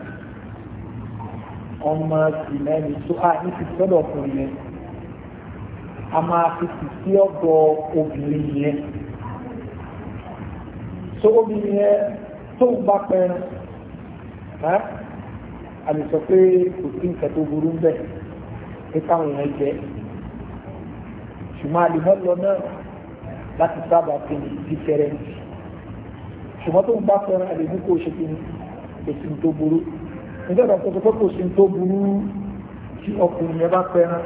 ọmọ sì náà ní tó à ní ti sọ́dọ̀ ọkùnrin yẹn a máa fi sì sí ọ̀dọ̀ obìnrin yẹn so obìnrin yẹn tó ń bá pẹran a lè sọ pé kò sí nǹkan tó burú ń bẹ̀ pé káwọn èèyàn jẹ ṣùgbọ́n àlùmọ́ lọ náà láti sábà fi dífẹ́rẹ́ǹtì ṣùgbọ́n tó ń bá fẹ́ràn àlèmí kò ṣe kí èsì tó burú nígbà tó kọ́kọ́ kò sí tó burú tí ọkùnrin yẹn bá fẹ́ràn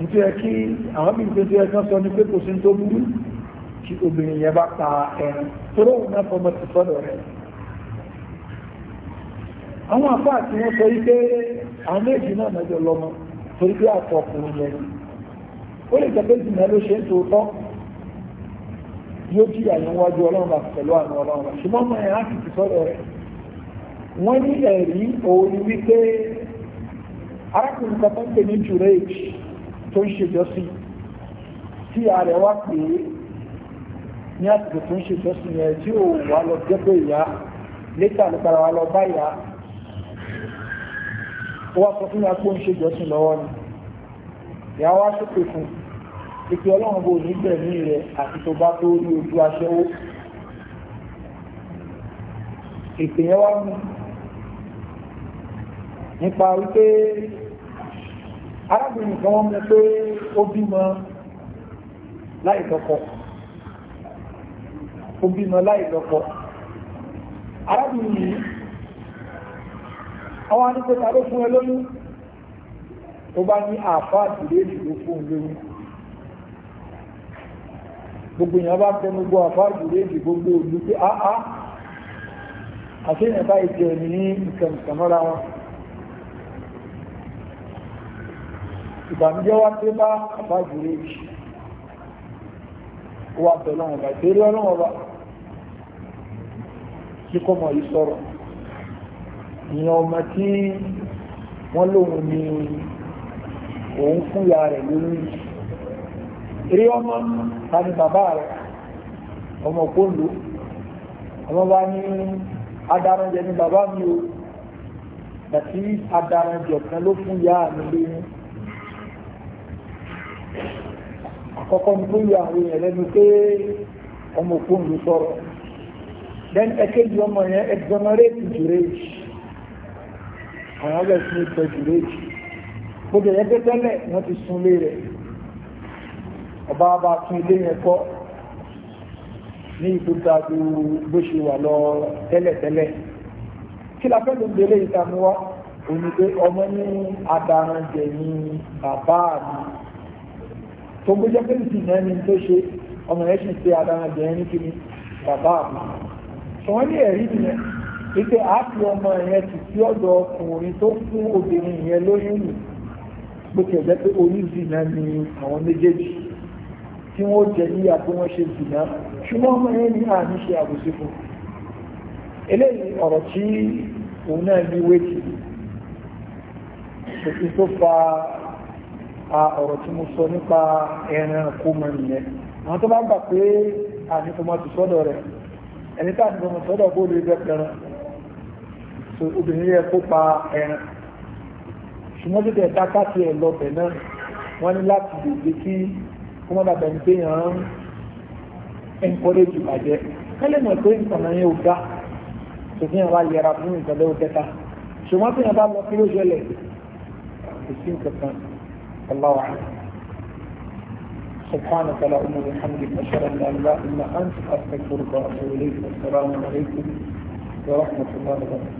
nítorí ẹ kí àwọn bí nítorí ẹ kan sọ ní pé kò sí tó burú kí obìnrin yẹn bá pa ẹran tó lóun náà fọmọ ti sọ́dọ̀ rẹ̀ àwọn àpá àti wọn sọ wípé àwọn méjì náà mẹjọ lọmọ torí pé àtọ ọkùnrin yẹn ó lè jẹ pé jìnnà ló ṣe ń tòótọ́ yóò jìyà yẹn wájú ọlọ́run àti pẹ̀lú àwọn ọlọ́run àti ṣùgbọ́n ọmọ yẹn á sì ti sọ́dọ̀ rẹ̀ wọ́n ní ẹ̀rí òun wípé arákùnrin kan tó ń pè ní jùrẹ́ẹ̀jì tó ń ṣèjọ́sìn tí ààrẹ wá pè é ní àsìkò tó ń ṣèjọ́sìn yẹn tí ò wá lọ jẹ́pẹ́ ìyá létà lọ́pàá wa lọ bá ìyá ó wá sọ fún wa pé ó ń ṣèjọ́sìn lọ́wọ́ ni ìyá wa ṣépè fún ìpè ọlọ́run bò ní gbẹ̀mí rẹ̀ àti tó bá tó rí ojú aṣẹ́wó ìpè yẹn wá nípa wípé arábìnrin kan wọ́n mọ̀ pé ó bímọ láì lọ́kọ ó bímọ láì lọ́kọ arábìnrin yìí àwọn anìkọta ló fún ẹ lóyún tó bá ní àfáà tìrẹ́ẹ̀tì ló fún un lóyún gbogbo èèyàn bá tẹnu gbọ́ àfáà tìrẹ́ẹ̀tì gbogbo òlú pé áá àṣẹ́yìn báyìí jẹ́ ní nǹkan ìsànmọ́ra wọn ìbànújẹ́ wá tí bá àbájúre jù wà pẹ̀lú ọ̀gá ìtẹ́rí ọlọ́wọ́ bá tí kọ́ mọ̀ yìí sọ̀rọ̀ ìyẹn ọmọ tí wọ́n lóun ni òun fún ya rẹ̀ lórí rí ọmọ tani bàbá rẹ̀ ọmọ kóńdó ọmọ bá ní adaranjẹ ni bàbá mi o àti adaranjẹ kan ló fún ya mi lóyún àkọ́kọ́ ní tó yọ àwọn èèyàn lẹ́nu pé ọmọ òkun ló sọ̀rọ̀ then ẹ̀kejì ọmọ yẹn exonerate jurage àwọn ọgbẹ́ sí ìtọ́ jurage gbogbo ẹ̀yẹ́ tẹ́tẹ́lẹ̀ wọ́n ti sun lé rẹ̀ ọba bá tún ilé yẹn kọ́ ní ìtúta ju bó ṣe wà lọ tẹ́lẹ̀tẹ́lẹ̀ kí la fẹ́ ló ń délé ìta wá òun ni pé ọmọ ní adarun jẹ̀ ní bàbá mi tó gbé jẹ́ pẹ́lú ìsìn náà ni tó ṣe ọmọ rẹ̀ ṣì ṣe adarabìnrin ní kíni bàbá àbá ṣọ wọ́n ní ẹ̀rí nìyẹn wípé a fi ọmọ yẹn ti sí ọ̀dọ̀ ọkùnrin tó fún obìnrin yẹn lóyún nì bó ti ẹ̀jẹ̀ pé oyún zìnà ni àwọn méjèèjì tí wọ́n jẹ níyà tó wọ́n ṣe zìnà ṣùgbọ́n ọmọ yẹn ní àní ṣe àbòsí fún eléyìí ọ̀rọ̀ tí òun náà ní wéètì òfin tó fa ọ̀rọ̀ tí mo sọ nípa ẹran kó mọ nìyẹn àwọn tó bá gbà pé àníkùnmọ́ ti sọ́dọ̀ rẹ̀ ẹni tí àníkùnmọ́ sọ́dọ̀ bó lè bẹ́ pẹran so obìnrin yẹ kó pa ẹran ṣùgbọ́n tó tẹ̀ dáká sí ẹ̀ lọ́bẹ̀ náà wọ́n ní láti dèjé kí kó mọ́ dàbẹ̀ ní pé yàn án encourage ìbàjẹ́ kẹ́lẹ́ mọ̀ pé nǹkan náà yẹn ò dá tòfin àwọn ayẹra fún ìtọ́lẹ́wò kẹta ṣùgbọ́n tí yàn bá lọ kí ló ṣẹlẹ̀ kò sí nǹkan kan الله عنه سبحانك لا أمر الحمد أشهد أن لا إله إلا أنت أستغفرك وأتوب إليك والسلام عليكم ورحمة الله وبركاته